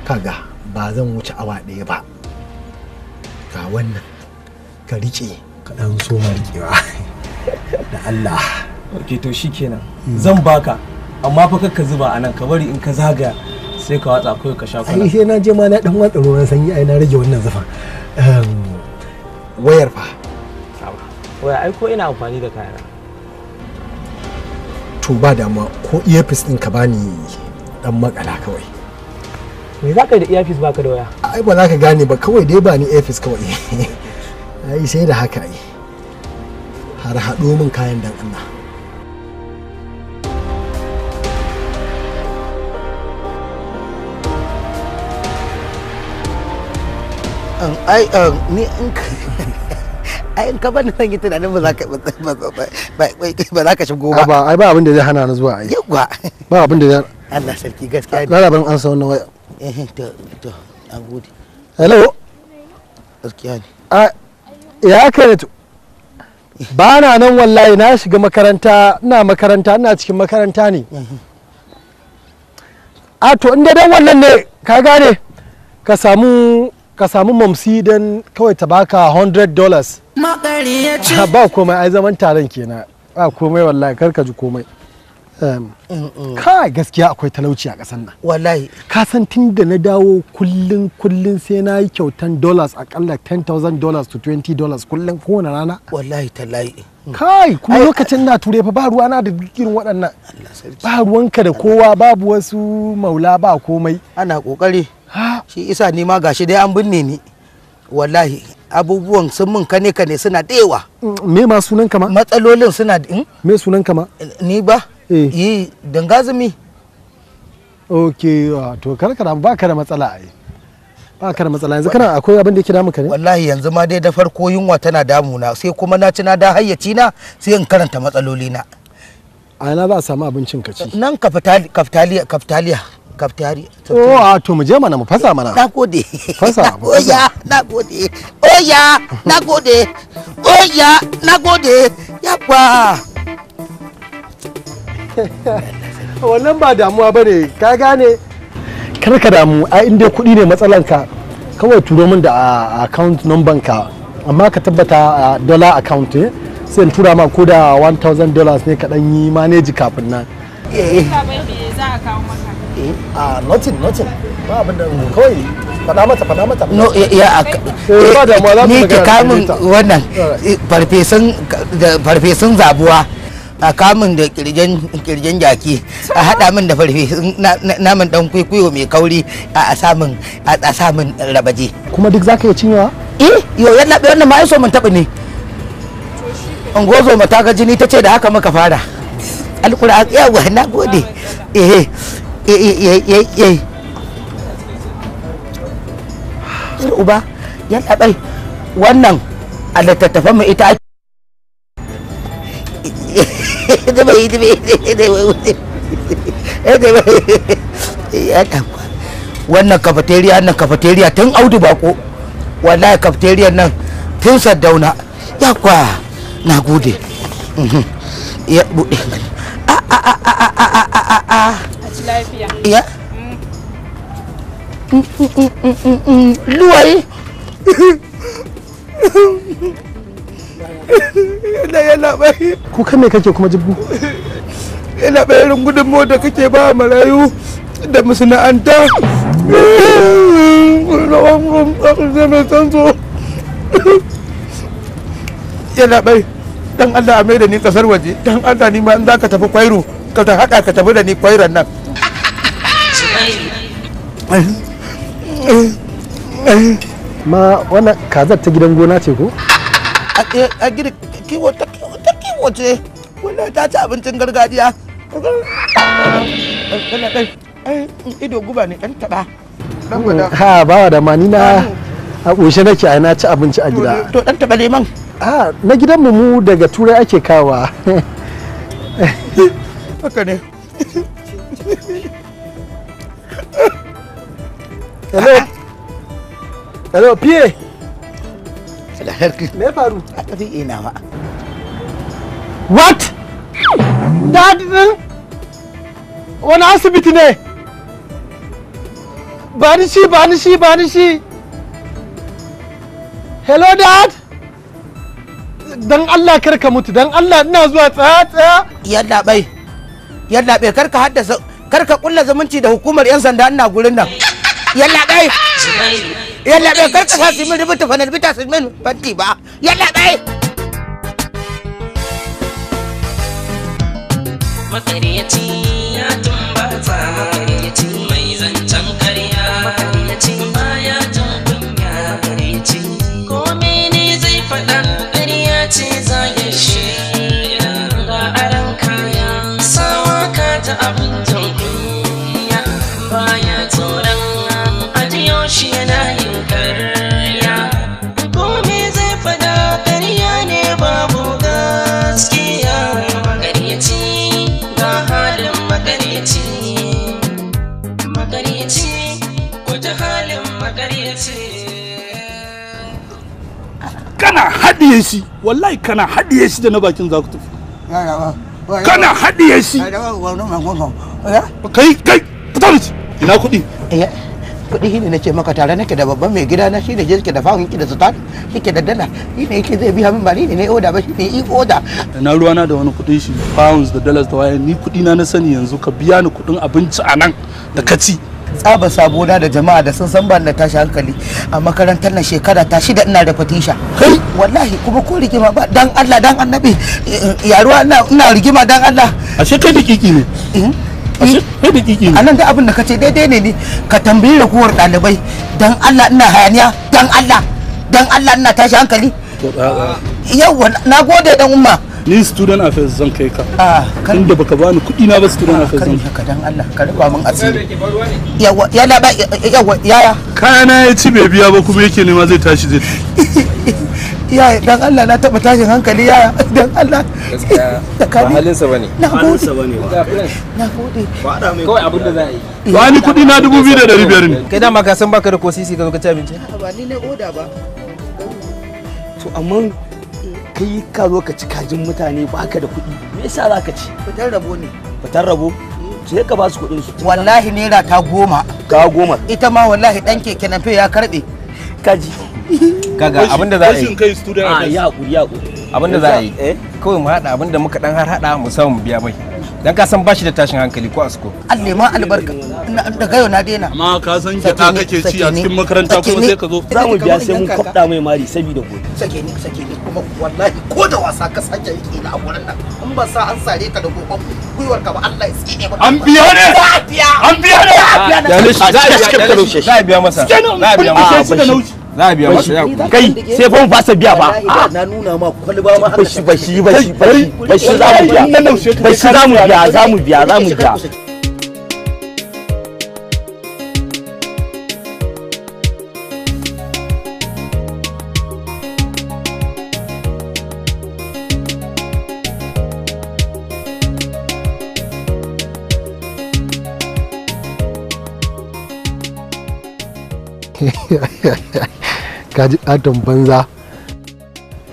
kaga ba zan wuce awa ɗaya ba ga wannan ka rike ka dan so ma rikewa da Allah ok to shikenan zan baka amma fa ka zuba a nan ka bari in ka zaga sai ka watsa kawai ka sha kwana ai sai na je ma na dan watsa ruwan sanyi ai na rage wannan zufa ehm, wayar fa waya ai ko ina amfani da kayana to ba dama ko earpiece din ka bani dan makala kawai me za ka yi da earpiece baka da waya ai ba za ka gane ba kawai dai ba ni earpiece kawai ai sai da haka ai har haɗo min kayan dan Allah ai ni in ai in ka bani zan yi tunanin ba za ka ba za ka shigo ba ba ai ba abin da zai hana ni zuwa ai yawa ba abin da zai Allah sarki gaskiya lalaban an sa wannan waya eh to to a gode hello gaskiya ne a ya aka to ba na nan wallahi na shiga makaranta ina makaranta ina cikin makaranta ne eh. a to inda dan wannan ne ka gane ka samu ka samu mamsi don kawai ta baka 100 dollars ba komai ai zaman taron kenan ba komai wallahi kar ka ji komai Um, mm, mm. kai gaskiya akwai talauci a ƙasar nan wallahi ka san tun da na dawo kullun kullun sai na yi kyautan dollars akalla 10000 dollars to 20 dollars kullun kowane rana wallahi tallahi mm. kai kuma lokacin na ture fa ba ruwana da irin waɗannan ba ruwanka da kowa babu wasu maula ba komai ana kokari shi isa ni ma gashi dai an binne ni wallahi abubuwan sun mun kane kane suna dewa me ma sunan kama matsalolin suna hmm? me sunan kama ni ba eh dangazumi ok ah, to karkara ba ka da matsala ai ba ka da matsala yanzu kana akwai abin da yake damu ka ne wallahi yanzu ma dai da farko yunwa tana damuna sai kuma na ci na da hayyaci na sai in karanta matsaloli na a ina za a samu abincin ka ci nan kaftaliya kaftaliya kaftari oh a ah, to mu je mana mu fasa mana na gode fasa oya na gode oya na gode oya na gode yabba wannan ba damuwa ba ne ka gane kar ka damu a inda kuɗi ne matsalanka kawai turo min da account number ka amma ka tabbata dollar account ne sai tura ma ko da 1000 dollars ne ka yi manage kafin nan eh. eh a nothing nothing ba abin da kawai faɗa mata faɗa mata no eh, ya eh, ni kamun wannan farfesun zabuwa a kamun da kirgen jaki a haɗa min da farfe naman dan kwaikwayo mai kauri a samun rabaje kuma duk zaka iya cinyewa eh yo yana bayan nan ma mun taɓa ne ungozo mata ga jini ta ce, da haka muka fara alƙur'an yawa na gode eh eh eh eh, eh, eh, eh uba yan ɗaɓai wannan a littattafan mu ita ake. dama yi wannan cafeteria nan cafeteria tun audu bako wallahi cafeteria nan tun saddauna ya kwa na gode mhm. ya bude a a a a a a a a a lafiya ya mm, mm, mm, luwai Ina yana bai. kan me kake kuma jibbu? Ina bai irin gudunmawar da kake ba marayu da masana'anta. Yana bai. Dan Allah a mai da ni kasar waje. Dan Allah ni ma an zaka tafi kwairo. Ka ta haka ka tafi da ni kwairon nan. Ma wannan kazar ta gidan gona ce ko? a gida kiwo ta kiwo ta kiwo ce wannan ta ci abincin gargajiya ido guba ne dan taba mm, ha bawa da ma ni na a ƙoshe nake a na ci abinci a gida to dan taba leman ha na gidan mu mu daga turai ake kawa haka ne hello ah, ah. hello pie Allah sarki me faru a tafi ina ma what dadin wani asibiti ne ba ni shi ba ni shi ba ni shi hello dad dan Allah kar ka mutu dan Allah ina zuwa tsaya tsaya yalla bai yalla bai kar ka haddasa kar ka kulla zumunci da hukumar yan sanda ina gurin nan yalla bai yalla bai kar ka sasi min rubuta fa na rubuta su min fanti ba yalla bai masariyaci ya tumbata haɗiye shi wallahi kana haɗiye shi da na bakin za ku tafi kana haɗiye shi kai kai fita da shi ina kuɗi eh, kuɗi shi ne na ce maka tare nake da babban mai gida na shi ne jirki da fahun yake da sutan yake da dala shi ne yake zai biya min ba ni ne oda ba shi ne i oda na da wani kuɗin shi pounds da dollars da waye ni kuɗi na na sani yanzu ka biya ni kuɗin abinci a nan da ka ci tsaba na da jama'a da sun san ban da tashi hankali a makarantar nan shekara ta shida ina da fatisha kai wallahi kuma ko rigima ba dan Allah dan annabi yaruwa ina ina rigima dan Allah ashe kai dikiki ne eh, ashe eh. kai dikiki ne anan da abin da kace daidai ne ni ka tambayi rakuwar dalibai dan Allah ina hayaniya dan Allah dan Allah ina tashi hankali yawa na gode dan umma ni student affairs zan kai ka ah, kan da baka bani kuɗi na ba student ah, affairs zan kai dan Allah ka rufa min asiri yawa yana ba yawa yaya kana ya ci bai biya ba kuma yake nema zai tashi zai ya dan Allah na taba tashin hankali yaya dan Allah gaskiya ba halin sa bane na gode na gode ba da mai kai abin da za a yi ba ni kuɗi na dubu biyu da ɗari ne kai dama ka san baka da ko sisi ka zo ka ci abinci ba ni na oda ba to amma kai ka zo ka ci kajin mutane baka da kuɗi me yasa za ka ci fitar rabo ne fitar rabo sai ka ba su kuɗin su wallahi naira ta goma ta goma ita ma wallahi dan keke nan ya karbe kaji kaga abinda za a yi kai student ah, ya hakuri ya hakuri abinda za a yi eh? kawai mu hada abinda muka dan har hada mu samu biya bai dan ka san ba shi da tashin hankali ko asko Allah ma albarka daga yau na daina amma ka san ki ta kake ci a cikin makaranta kuma sai ka zo za mu biya sai mun kwada mai mari saboda gobe sake ni sake ni kuma wallahi ko da wasa ka sake yake na a gurin nan in ba sa an sare ka da gobe gwiwar ka ba Allah ya tsine ba an biya ne za a biya an biya ne za a biya ne za a biya masa za a biya masa za a biya masa ya kai sai fa mu fasa biya ba ah. na nuna ma kwalba ma bashi bashi bashi bashi za mu biya bashi za mu biya za mu biya za mu biya Yeah, yeah, yeah. ka ji katon banza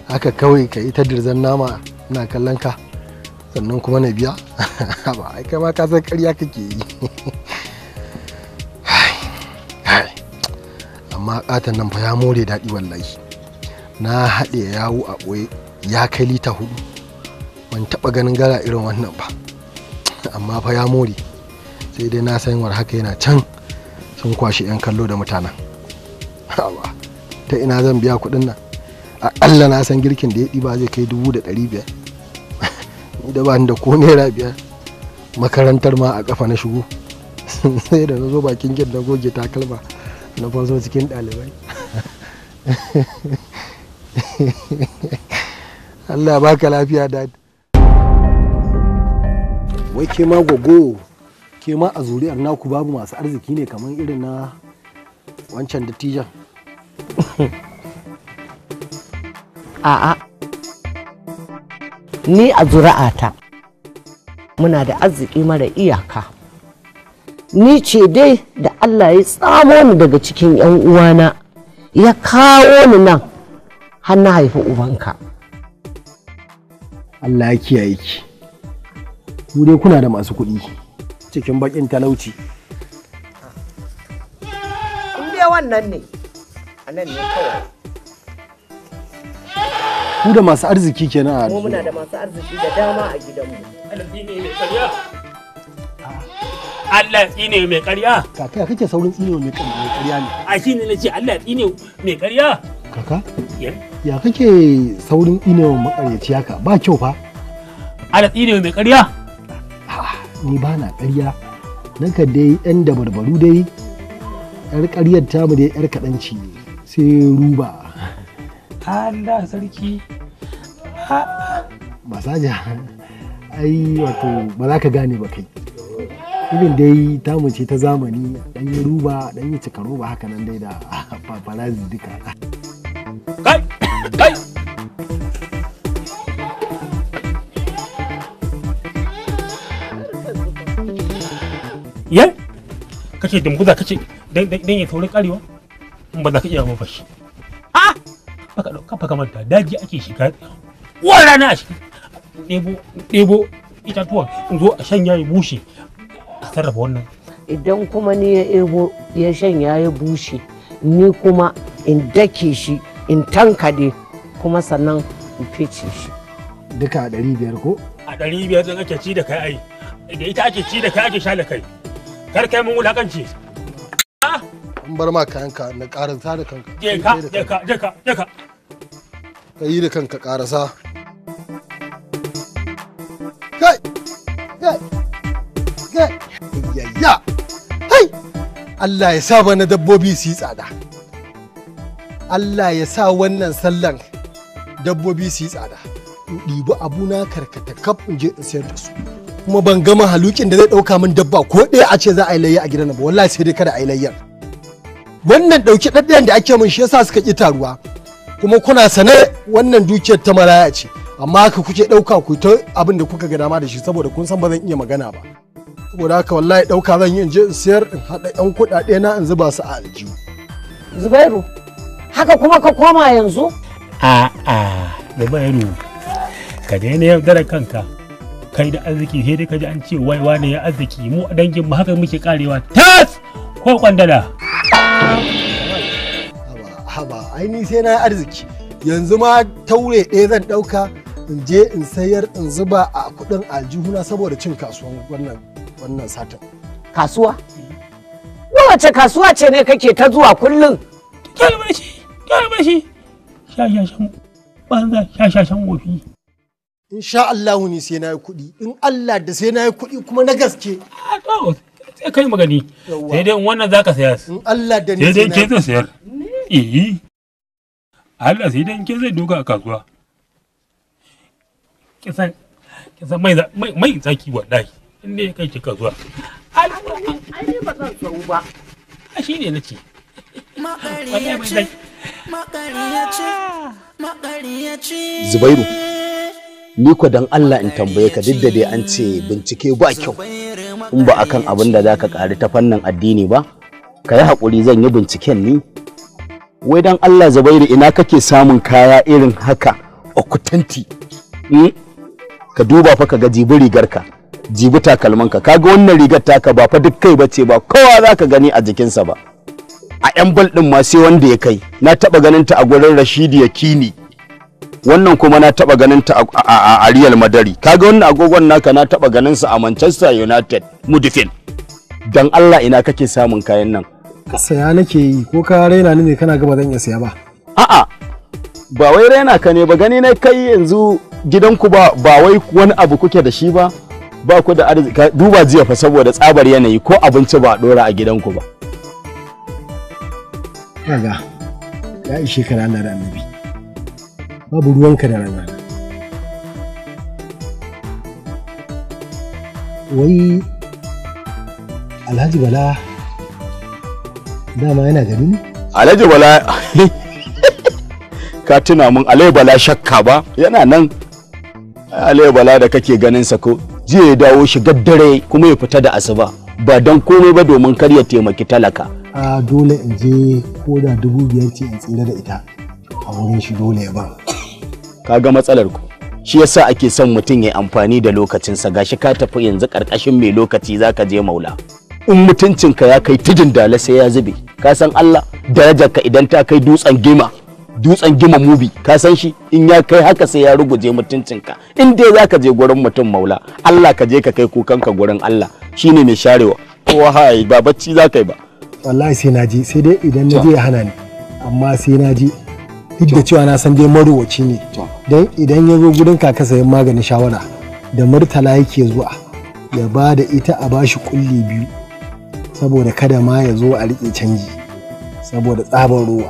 haka kawai ka ta dirzan nama na kallon ka sannan kuma na biya ba ai kai ma ka san ƙarya kake yi amma katon nan fa ya more daɗi wallahi na haɗe yawo a ɓoye ya kai lita hudu ban taɓa ganin gara irin wannan ba amma fa ya more sai dai na san war haka yana can sun kwashe 'yan kallo da mutanen ta ina zan biya kuɗin nan aƙalla na san girkin da ya ɗiba zai kai dubu da ɗari biyar da ba da ko naira biyar makarantar ma a ƙafa na shigo sai da na zo bakin gid na goge takalma na fazo cikin ɗalibai Allah baka lafiya dad wai ke ma gogo ke ma a zuri'ar naku babu masu arziki ne kamar irin na wancan dattijan a'a ni a zura'ata muna da arziki mara iyaka ni ce dai da allah ya tsamo ni daga cikin 'yan uwana ya kawo ni nan har na haifi ubanka allah ya kiyaye ki dai kuna da masu kuɗi cikin bakin talauci in wannan ne a nan ne kawai ku da masu arziki kenan a mu muna da masu arziki da dama a gidanmu Allah tsine mai ƙarya. Kaka ya kake saurin tsine mai ƙarya ne. A shi ne nace ce Allah tsine mai ƙarya. Kaka? Ya kake saurin tsine mai ƙaryaci haka ba kyau fa. Allah tsine mai ƙarya. Ah, ni ba na ƙarya. Naka dai 'yan barbaru dai 'yar ƙaryar tamu dai 'yar kaɗanci ne. sai ruba Allah sarki ba ja ai wato ba za ka gane ba kai irin dai tamu ce ta zamani dan yi ruba dan yi cika ruba haka nan dai da paparazzi duka kai kai yan kace dumbuza kace dan ya saurin karewa in ba za ka iya ba fashi ha baka dauka fa kamar ta daji ake shiga wannan rana a shiga debo debo itatuwa in zo a shanya ya bushe a sarrafa wannan idan kuma ni ya ebo ya shanya ya bushe ni kuma in dake shi in tankade kuma sannan in fice shi duka a ɗari biyar ko a ɗari biyar zan ake ci da kai ai da ita ake ci da kai ake sha da kai kar kai mun wulakanci in bar ma kayanka na karanta da kanka je ka je ka je ka je ka ka yi da kanka karasa kai kai kai yayya hai Allah ya sa bana dabbobi su yi tsada Allah ya sa wannan sallan dabbobi su yi tsada in ɗibi abuna karkata kaf in je in sayar da su kuma ban gama halukin da zai ɗauka min dabba ko ɗaya a ce za a yi layya a gidan ba wallahi sai dai kada a yi layyar wannan ɗauki ɗaɗɗayan da ake mun shi yasa suka ƙi taruwa kuma kuna sane wannan dukiyar ta maraya ce amma haka kuke ɗauka ku ta abin da kuka ga dama da shi saboda kun san ba zan iya magana ba saboda haka wallahi ɗauka zan yi in in siyar in haɗa ƴan kuɗaɗe na in zuba su a aljihu. Zubairu haka kuma ka koma yanzu? A'a Zubairu ka daina yaudarar kanka kai da arziki sai dai ka ji an ce wai wane ya arziki mu a danginmu haka muke karewa tas ko kwandala. aini sai na arziki yanzu ma taure ɗaya zan ɗauka in je in sayar in zuba a kuɗin aljihuna saboda cin kasuwan wannan wannan satin kasuwa wace kasuwa ce ne kake ta zuwa kullum kalmashi kalmashi shashashan banza shashashan wofi in sha Allah ni sai na yi kuɗi in Allah da sai na yi kuɗi kuma na gaske ah, sai kai magani sai dai wannan zaka saya in Allah da ni sai dai ke sayar eh a haɗa sai dai ke zai doka a kasuwa kisan kisan mai mai zaki wallahi in ne kai ki kasuwa ai ba zan tsawo ba a shine zubairu ni ko dan Allah in tambaye ka duk da dai an ce bincike ba kyau in ba akan abin da zaka ƙari ta fannin addini ba ka yi haƙuri zan yi binciken ni wai dan Allah Zubairu ina kake samun kaya irin haka okutanti hmm? ka duba fa ka ga jibi rigarka jibi takalmanka kaga wannan rigar taka ba fa duk kai bace ba kowa zaka gani a jikinsa ba a yan bal din ma sai wanda ya kai na taba ganin ta a gurin Rashidi Yakini wannan kuma na taba ganin ta a Real Madari kaga wannan agogon naka na taba ganin sa a Manchester United Mudifin dan Allah ina kake samun kayan nan saya nake yi ko ka raina ni ne kana gaba zan iya saya ba a'a ba wai raina ka ne ba gani na kai yanzu gidanku ba ba wai wani abu kuke da shi ba ba ku da arziki duba jiya fa saboda tsabar yanayi ko abinci ba dora a gidanku ba kaga ya yi shekara Allah da annabi babu ruwanka da rana wai alhaji bala dama yana gani ne alhaji bala ka tuna mun alhaji bala shakka ba yana nan alhaji bala da kake ganin sa ko jiya ya dawo shigar dare kuma ya fita da asuba ba don komai ba domin kar ya taimaki talaka a dole in je ko da dubu biyar ce in tsira da ita a wurin shi dole ya ban kaga matsalar ku shi yasa ake son mutum ya amfani da lokacinsa gashi ka tafi yanzu karkashin mai lokaci zaka je maula in mutuncinka ya kai tijin dala sai ya zube ka san Allah darajarka idan ta kai dutsen gima dutsen gima mubi ka san shi in ya kai haka sai ya ruguje mutuncinka in dai zaka je gurin mutum maula Allah ka je ka kai kukanka gurin Allah shine mai sharewa kowa hai ba bacci za kai ba wallahi sai na ji sai dai idan na je ya hana ni amma sai na ji duk da cewa na san dai maruwaci ne dan idan ya zo gurin kaka sayan maganin shawara da murtala yake zuwa ya ba da ita a bashi kulli biyu saboda kada ma ya zo a riƙe canji saboda tsabar ruwa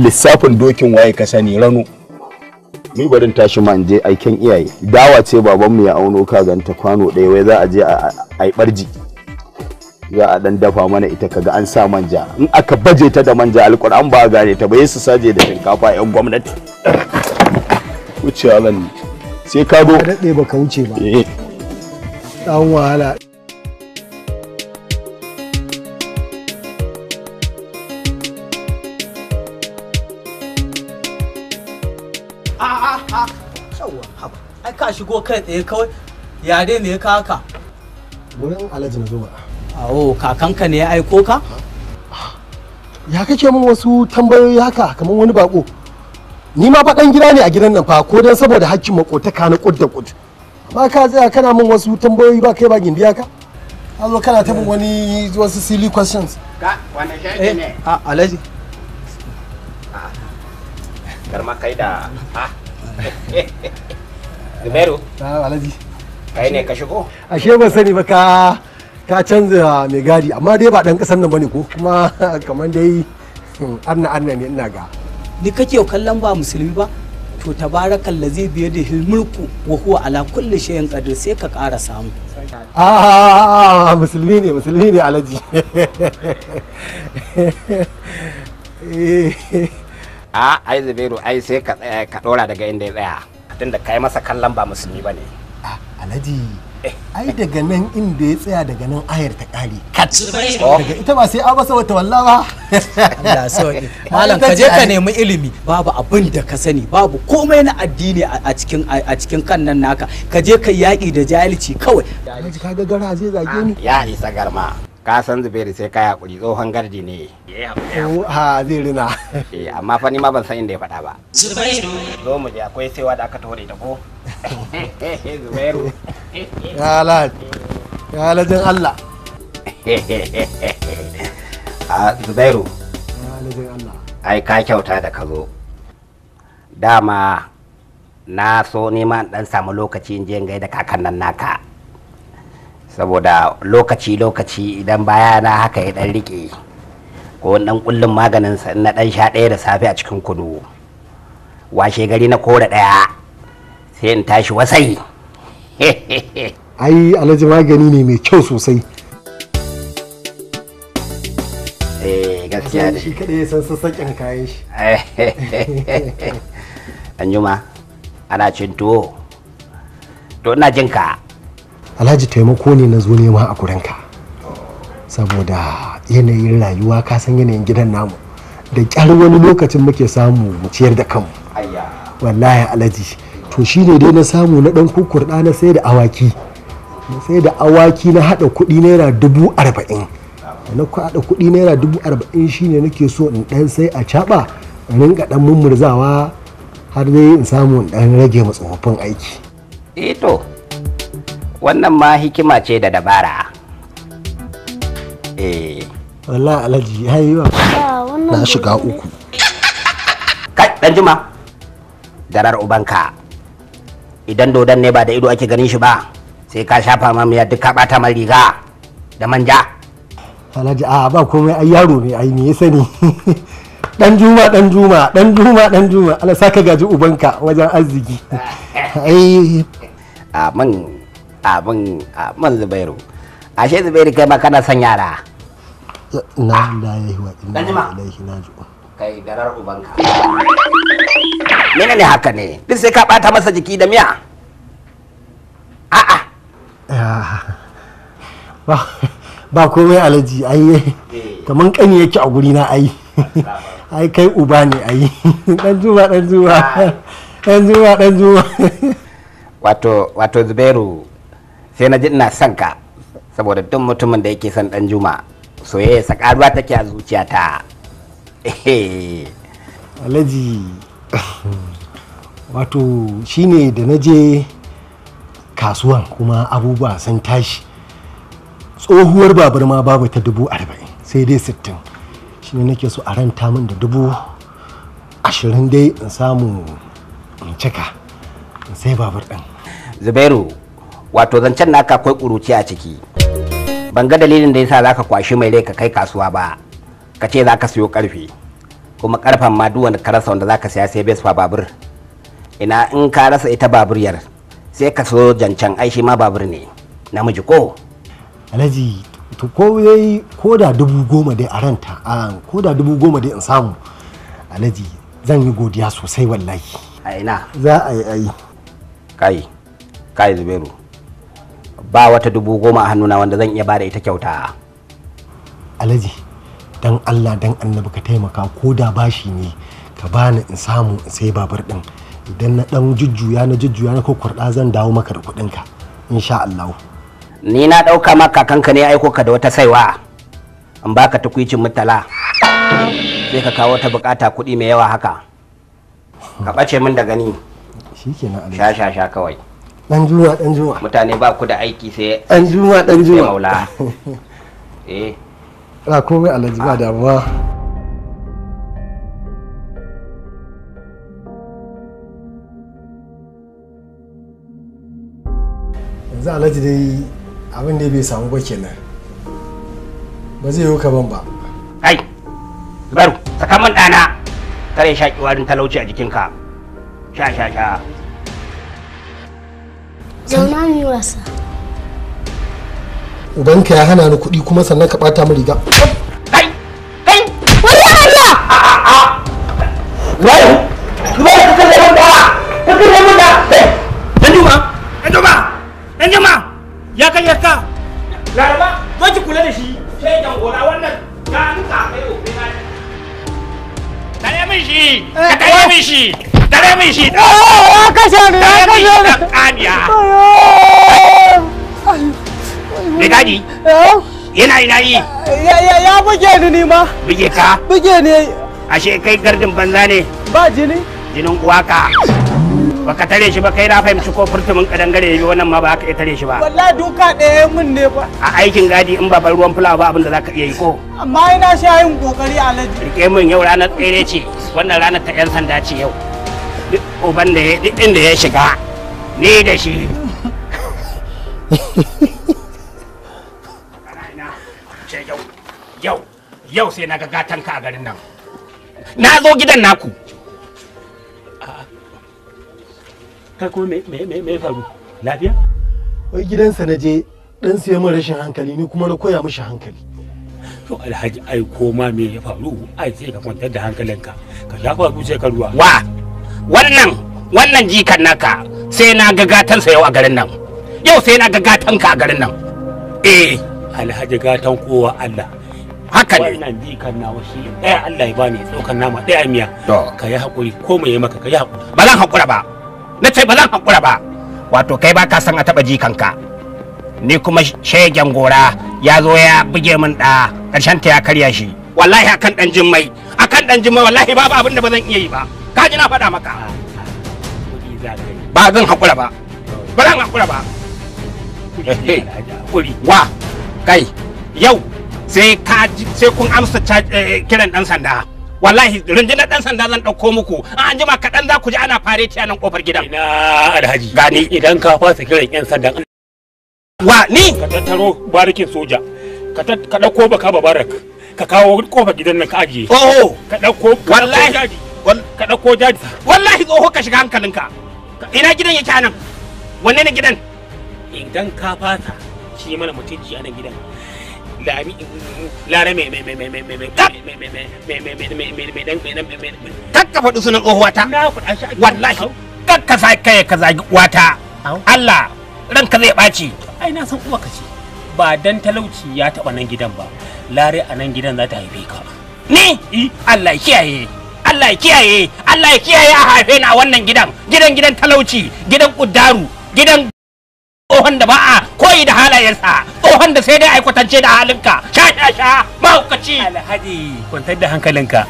lissafin dokin waye ka sani rano ni barin tashi ma in je aiken iyaye dawa ce baban mu ya auno ka ganta kwano ɗaya wai za a je a yi barji za a dan dafa mana ita kaga an sa manja in aka baje ta da manja alƙur'an ba a gane ta ba su saje da shinkafa yan gwamnati Wuce zan sai ka go daɗe ka wuce ba eh. ɗan wahala ai ka shigo kai tsaye kawai ya dai ne ka haka wurin alhaji na zuwa awo kakanka ne ya aiko ka ya kake min wasu tambayoyi haka kamar wani bako ni ma fa dan gida ne a gidan nan fa ko dan saboda hakkin ka na kud da kud ba ka tsaya kana min wasu tambayoyi ba kai ba gindiya ka a zo kana ta wani wasu silly questions ka wani shaidi ne eh, a alaji garma kai da ha zubairu ta alaji kai ne ka shigo ashe ban sani ba ka ka canza mai gadi amma dai ba dan kasan nan bane ko kuma kamar dai hmm, arna arna ne ina ga ni kake kallon ba musulmi ba to da lazi biye da hilmulku wa huwa ala kulli shay'in qadir sai ka ƙara samu a ah, musulmi ne musulmi ne alaji a ah, ai zubairu ai sai ka ka dora daga inda ya tsaya tunda kai masa kallon ba musulmi bane alaji ah, ai daga nan inda ya tsaya daga nan ayar ta kare daga ita ba sai a basa wata wallawa ba Allah malam ka je ka nemi ilimi babu abin da ka sani babu komai na addini a cikin a cikin kan nan naka ka je ka yaki da jahilci kawai ka ga gara zai zage ni ya isa garma ka san zubairu sai kaya kuri tsohon gardi ne ha zai rina eh, amma fa ni ma ban san inda ya faɗa ba zubairu zo mu je akwai sai da aka tore ta ko zubairu ya ya allah a zubairu ai ka kyauta da ka zo dama na so neman dan samu lokaci in je in gaida kakan nan naka saboda lokaci-lokaci idan baya na haka ya dan rike ko dan kullum maganin na dan sha ɗaya da safe a cikin kunu washe gari na kore ɗaya sai in tashi wasai ai alhaji magani ne mai kyau sosai eh gaskiya shi kada san sassaƙin kayan shi anjuma ana cin tuwo to ina jin ka alhaji taimako ne na zo nema a gurinka saboda yanayin rayuwa ka san yanayin gidan namu da kyar wani lokacin muke samu mu ciyar da kanmu wallahi alhaji to shine dai na samu na ɗan kukurda na sai da awaki sai da awaki na haɗa kuɗi naira dubu arba'in na hada kudi naira dubu arba'in shine nake so in dan sai a in ringa dan mummurzawa har dai in samu in ɗan rage matsofaffin aiki eh to wannan ma hikima ce da dabara eh wallahi alhaji haiwa na shiga uku kai dan juma darar ubanka idan dodon ne ba da ido ake ganin shi ba sai ka shafa ma duk ka bata ma riga da manja alhaji a ba komai ai yaro ne ai me ya sani dan juma dan juma dan juma dan juma Allah saka gaji ubanka wajen arziki ai man a man zubairu ashe zubairu kai ma kana son yara na wa inna ilaihi raji'un kai garar ubanka ne haka ne duk sai ka bata masa jiki da miya a'a ba komai alaji ai eh, eh. kaman kani yake a guri na ai ai kai uba ne ai dan zuwa dan zuwa dan zuwa dan zuwa wato wato zubairu sai na ji ina son ka saboda duk mutumin da yake son dan juma soyayya sakaruwa take a zuciyata eh. alaji wato shine da na je kasuwan kuma abubuwa sun tashi tsohuwar babur ma babu ta dubu arba'in sai dai sittin shi nake so a ranta min da dubu ashirin dai in samu in cika sai babur din zubairu wato zancen naka akwai ƙuruci a ciki ban ga dalilin da yasa zaka kwashi mai rai ka kai kasuwa ba ka ce zaka siyo karfe kuma karfan ma duk wani karasa wanda zaka siya sai besfa babur ina in ka rasa ita babur yar sai ka so jancan ai shi ma babur ne namiji ko alhaji to ko dai ko da dubu goma dai a ranta ko da dubu goma dai in samu alhaji zan yi godiya sosai wallahi a ina za a yi ai kai kai zubairu ba wata dubu goma a hannuna wanda zan iya bada ita kyauta alhaji dan Allah dan annabi ka taimaka ko da bashi ne ka bani in samu in sai babur din idan na dan jujjuya na jujjuya na kokkurda zan dawo maka da kuɗin ka insha Allah ni na ɗauka maka kanka ne aiko ka da wata saiwa in baka tukwicin mutala sai ka kawo ta bukata kuɗi mai yawa haka ka ɓace min da gani shikenan sha sha sha kawai dan juma dan juma mutane ba ku da aiki sai dan juma dan juma maula eh ba komai alhaji ba damuwa yanzu alhaji dai abin da bai samu ba kenan ba zai yi ban ba ai zubaru man ɗana kare shaƙi warin talauci a jikinka sha sha sha zauna mu wasa ubanka ya hana ni kuɗi kuma sannan ka ɓata mu riga kai kai wani hanya wai Kuma ka kalle mun da ka kalle mun da dan juma dan juma dan juma ya kai ya ka laraba Ko ki kula da shi sai dan gora wannan ya an ka kai o dare min shi eh, ka tare min shi dare min shi ka eh, kashe ni ka kashe ni mai gadi eh? yana ina yi ya buge ni ni ma buge ka buge ne ashe kai gardin banza ne ba jini jinin uwa ka baka tare shi ba kai na fahimci ko furtumin kadangare yi wannan ma ba ka iya tare shi ba wallahi duka ɗaya mun ne ba a aikin gadi in ba ban ruwan fulawa ba abin da zaka iya yi ko amma ina sha yin kokari alaji rike min yau ranar tsere ce wannan ranar ta yan sanda ce yau duk uban da ya duk inda ya shiga ni da shi yau sai na ga gatan ka a garin nan na zo gidan naku Ka kuma me me me faru lafiya wai gidansa na je dan sai mun rashin hankali ni kuma na koya mishi hankali to alhaji ai koma me ya faru ai sai ka kwantar da hankalinka ka lafa sai ka ruwa wa wannan wannan jikan naka sai na ga gatansa yau a garin nan yau sai na ga gatanka a garin nan eh alhaji gatan kowa Allah haka ne wannan kan nawa shi ɗaya Allah ya bani tsokan nama ɗaya miya ka yi hakuri ko mai maka ka yi hakuri. ba zan hakura ba na ce ba zan hakura ba wato kai ba ka san a taɓa jikanka ni kuma shegen gora ya zo ya buge min da ƙarshen ta ya karya shi wallahi akan dan jin mai akan dan jin mai wallahi babu abin da ba zan iya yi ba ka ji na faɗa maka ba zan hakura ba ba zan hakura ba eh, wa kai yau sai ka sai kun amsa eh, eh, kiran dan sanda wallahi rundunar dan sanda zan dauko muku an anjima kaɗan za ku ji ana fareti a nan kofar gidan ina alhaji gani idan ka fasa kiran yan sanda. wa ni ka tattaro barikin soja ka dauko baka babarak ka kawo kofar gidan nan ka ajiye oho oh. ka dauko wallahi ka dauko jaji wallahi tsoho ka shiga hankalinka ina gidan yake anan wanne ne gidan idan ka fasa shi mana mutunci a nan gidan lare mai mai mai mai mai mai mai mai mai mai mai ba dan talauci ya taba nan gidan ba lare a nan gidan za ta haife ka ni Allah kiyaye Allah ya kiyaye Allah ya kiyaye a haife na wannan gidan gidan gidan talauci gidan kuddaru gidan tsohon da ba a koyi da halayensa tsohon da sai dai a kwatance da halinka sha sha sha mahaukaci alhaji kwantar da hankalinka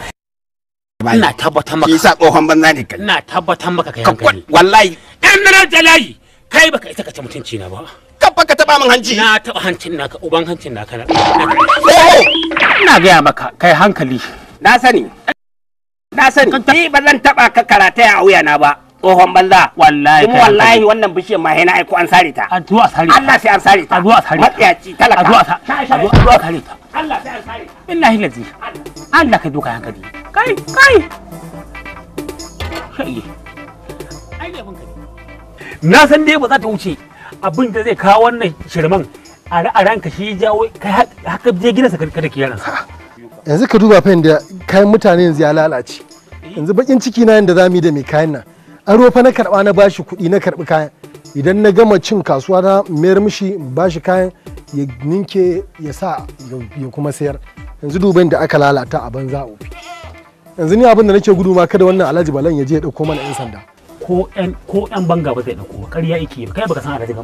ina tabbatar maka kisa tsohon banza ne kai ina tabbatar maka kai hankali wallahi ɗan nan jalayi kai baka isa kace mutunci na ba kabba ka taba min hanci na taba hancin naka uban hancin naka na ina gaya maka kai hankali na sani na sani ni ba zan taba ka karataya a wuya na ba tsohon banza wallahi kuma wallahi wannan bishiyar ma yana aiko an sare ta addu'a sare ta Allah sai an sare ta addu'a sare ta matsiyaci talaka addu'a ta addu'a sare ta Allah sai an sare ta billahi lazi Allah ka duka hankali kai kai shayi ai ne abin na san dai ba za ta wuce abin da zai kawo wannan shirman a ka shi ya jawo kai haka je gidansa ka da kiyaransa yanzu ka duba fa da kayan mutane yanzu ya lalace yanzu bakin ciki na yanda zamu yi da mai kayan nan aro fa na karba na bashi kuɗi na karbi kayan idan na gama cin kasuwa na mayar mishi bashi kayan ya ninke ya sa ya kuma sayar yanzu duban da aka lalata a banza ofi yanzu ni abin da nake gudu ma kada wannan alhaji balan ya je ya dauko mana yan sanda ko yan ko yan banga ba zai dauko ƙarya yake kai baka san alhaji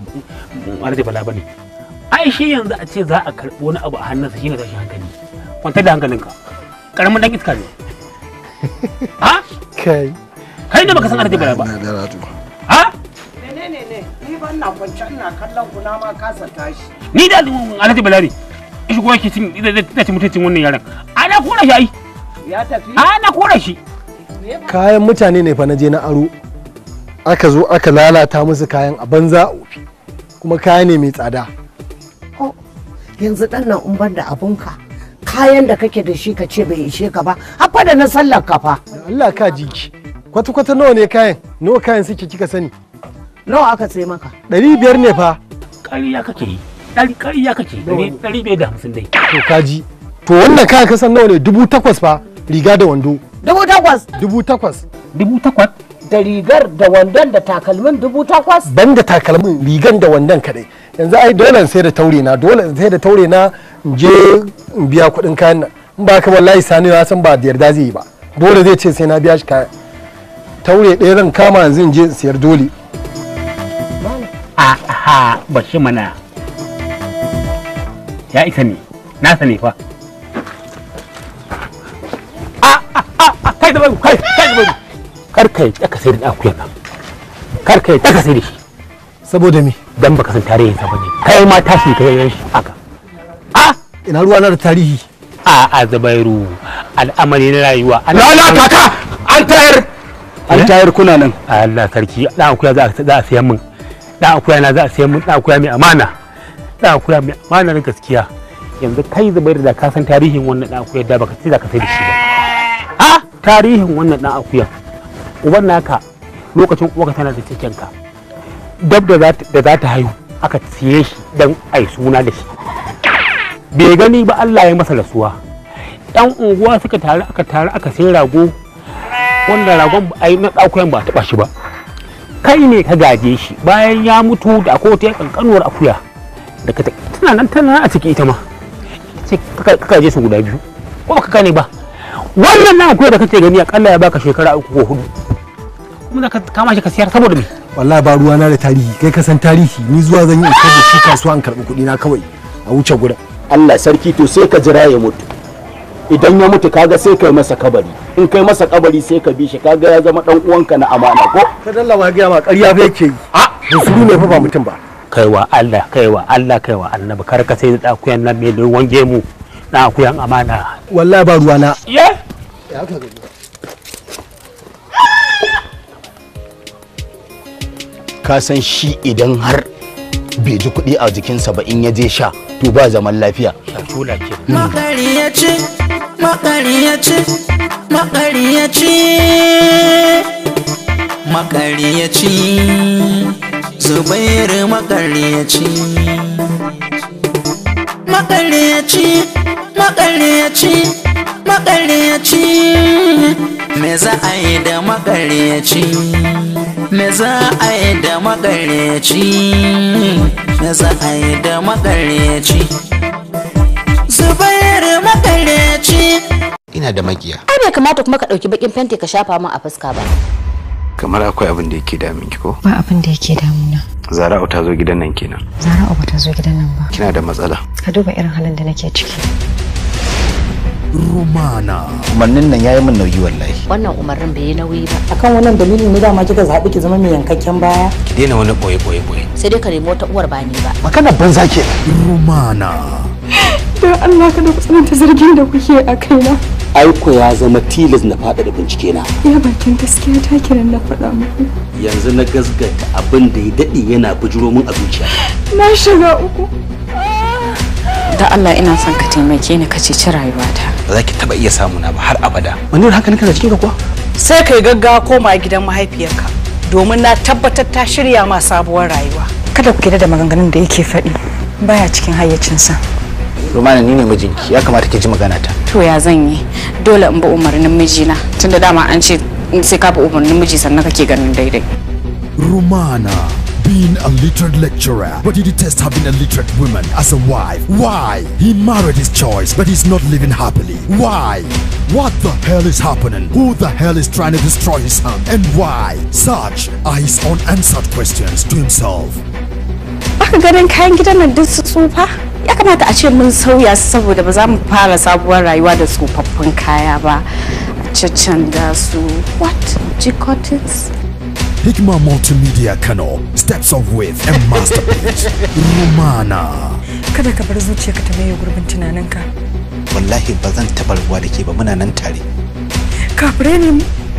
alhaji bala bane ai shi yanzu a ce za a karbi wani abu a hannunsa shine tashin hankali kwantar da hankalinka karamin dan iska ne ha kai kai ne baka san arziki ba ha ne ne ni ban na kwance ina kallon kuna ma kasa tashi ni da alhaji balari shi kuma yake cin da cin mutuncin wannan yaran ana kora shi ai ya tafi ana kora shi kayan mutane ne fa na je na aro aka zo aka lalata musu kayan a banza kuma kaya ne mai tsada yanzu dan nan in ban da abunka kayan da kake da shi ka ce bai ishe ka ba haffa da na sallar ka fa Allah ka jiki kwata-kwata nawa ne kayan nawa kayan suke kika sani nawa aka sai maka ɗari biyar ne fa ya kake yi ya kake ɗari biyar da hamsin dai to kaji to wannan kayan san nawa ne dubu takwas fa riga da wando dubu takwas dubu takwas dubu takwas da rigar da wandon da takalmin dubu takwas ban da takalmin rigar da wandon kadai yanzu ai dole sai da taure na dole sai da taure na in je in biya kuɗin kayan nan in ba ka wallahi sani san ba da yarda zai yi ba dole zai ce sai na biya shi kayan taure ɗaya zan kama yanzu je in siyar dole a'a bashi mana ya isa ne na sani fa ah, ah, ah, kai da kai kai da kar kai aka sai da akuya nan kar kai aka sai da shi saboda me dan baka san tarihin sa bane kai ma tashi kai yan shi aka a ina ruwa na da tarihi a a zabairu al'amari na rayuwa lalata kaka! an tayar an eh? tayar kuna nan Allah sarki da akuya za a siyan min da akuya na za a sayan min da akuya mai amana da akuya mai amana na gaskiya yanzu kai zubai da ka san tarihin wannan dan akuya da baka ce za ka sai da shi ba a tarihin wannan dan akuya uban naka lokacin uwarka tana da cikin ka dab da za ta haihu aka siye shi dan ai suna da shi bai gani ba Allah ya masa rasuwa yan unguwa suka taru aka taru aka sai rago wanda ragon ai na akuyan ba taɓa shi ba kai ne ka gaje shi bayan ya mutu da akwai wata kankanuwar akuya da ka tana nan tana a ciki ita ma sai ka gaje su guda biyu ko ba ka ne ba wannan na akuya da kake gani a akalla ya baka shekara uku ko hudu kuma ka kama shi ka siyar saboda me wallahi ba ruwa na da tarihi kai ka san tarihi ni zuwa zan yi in da shi kasuwa an karɓi kuɗi na kawai a wuce guda. Allah sarki to sai ka jira ya mutu idan ya mutu kaga sai kai masa kabari in kai masa kabari sai ka bi shi kaga ya zama dan uwanka na amana ko ka dalla ba ga ma ƙarya ba yake yi a musulmi ne fa ba mutum ba kaiwa Allah kaiwa Allah kaiwa annabi kar ka sai da akuyan nan mai wange mu na akuyan amana wallahi ba ruwa na ya ya ka gani ka san shi idan har bai ji kuɗi a jikinsa ba in ya je sha to ba zaman lafiya. Hmm. Makari ya ce makaryaci makaryaci makaryaci zubairu makaryaci makari ya makaryaci me za a yi da makaryaci me za a yi da makaryaci me za a yi da makaryaci ina da magiya. ai bai kamata kuma ka dauki bakin fenti ka shafa min a fuska ba kamar akwai abin da yake damin ki ko ba abin da yake damuna zara'u ta zo gidan nan kenan zara'u ba ta zo gidan nan ba kina da matsala ka duba irin halin da nake ciki Rumana. Mannin nan ya yi min nauyi wallahi. Wannan umarin bai yi nauyi ba. Akan wannan dalilin ne dama kika zaɓi ki zama mai yankakken baya. Ki daina wani boye-boye. boye. Sai dai ka nemi wata uwar ba ni ba. Makana banza ke. Rumana. don Allah kada ku tsananta zargin da kuke a kaina aiko ya zama tilas na faɗa da bincike na ya bakin gaskiya ta kiran na faɗa muku yanzu na gasgata abin da ya daɗe yana bujuro min a zuciya na shiga uku da Allah ina son ka taimake ni ka ceci rayuwata ba za ki taɓa iya samu na ba har abada Wani manir haka da cikin ka kuwa sai kai gaggawa koma gidan mahaifiyarka domin na tabbatar ta shirya ma sabuwar rayuwa kada ku kira da maganganun da yake faɗi baya cikin hayyacinsa Rumana ni ne mijinki ya kamata ki ji magana ta. To ya zan yi dole in bi umarnin mijina tunda dama an ce sai ka bi umarnin miji sannan kake ganin daidai. Rumana being a literate lecturer, but he detests having a literate woman as a wife. Why? He married his choice, but he's not living happily. Why? What the hell is happening? Who the hell is trying to destroy his son? And why? Such are his unanswered questions to himself. baka ganin kayan gidan nan duk su tsufa ya kamata a ce mun sauya saboda ba za mu fara sabuwar rayuwa da tsofaffin kaya ba cancan da su what jikotis Hikma Multimedia Kano steps of Wave and masterpiece Romana kada ka bar zuciya ka maye gurbin tunaninka wallahi ba zan ruwa da ke ba muna nan tare kafirai ne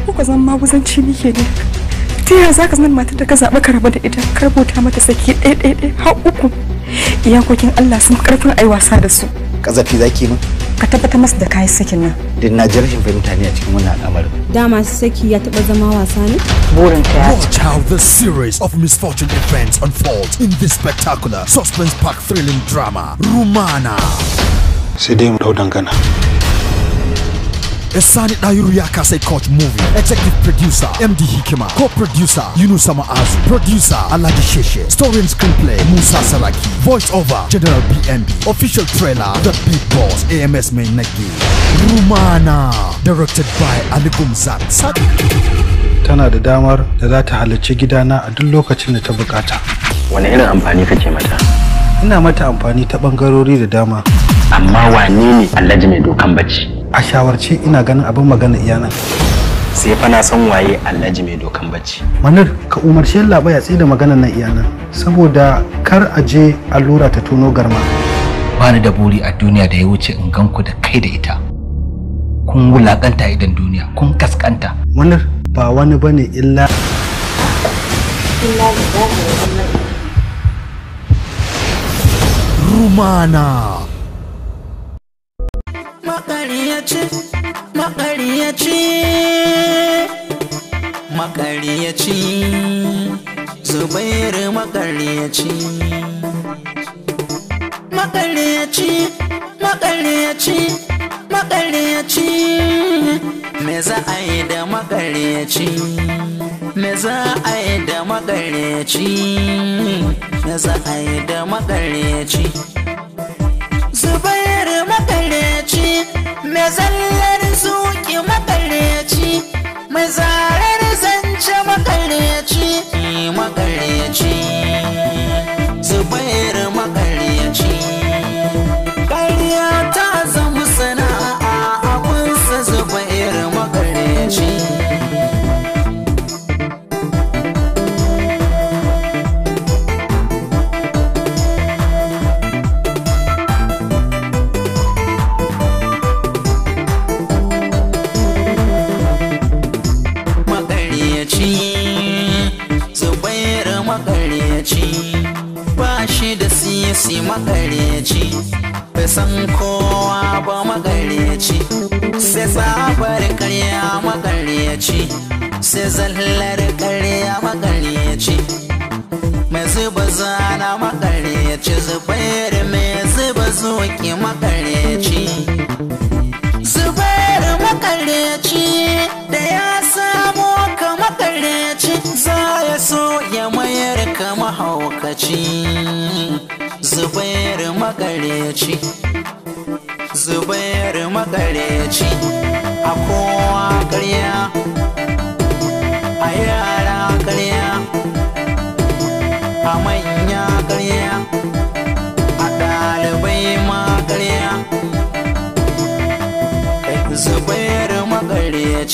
mu ko zan maguzanci nike ne ta yaya za ka san matar da ka zaɓa ka rabu da ita ka rubuta mata saki ɗaya ɗaya ɗaya har uku iyakokin Allah sun karfin ai wasa da su kazafi zaki min ka tabbatar masa da kayan sakin nan din na ji rashin fahimta ne a cikin wannan al'amarin da masu saki ya taɓa zama wasa ne burin ka ya watch how the series of misfortune events unfold in this spectacular suspense packed thrilling drama rumana sai dai mu dau dangana Sani Sunny ya kasai coach movie executive producer MD Hikima co-producer Yunusa Ma'azu producer Alhaji Sheshe story and screenplay Musa Saraki voice over General BMB official trailer The Big Boss AMS Mai Nagi Rumana directed by Ali Gumzat tana da damar da za ta halarci gidana a duk lokacin da ta bukata wani irin amfani kake mata ina mata amfani ta bangarori da dama amma wane ne alhaji mai dokan bacci a shawarci ina ganin abin magana iyana sai fa na san waye alhaji mai dokan bacci Manar ka umarce labai ya da magana nan iyana saboda kar a je allura ta tuno garma bani da buri a duniya da ya wuce in gan ku da kai da ita kun wulakanta idan duniya kun kaskanta manir ba wani bane illa rumana makaryaci makaryaci makaryaci zubairu makaryaci makaryaci makaryaci makaryaci me za a yi da makaryaci me za a yi da makaryaci me za a yi da makaryaci zubair makareci mai zallar zuki makareci mai zarar zance makareci makareci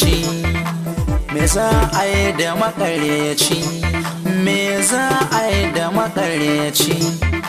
ci me za a yi da makaryaci me za a yi da makaryaci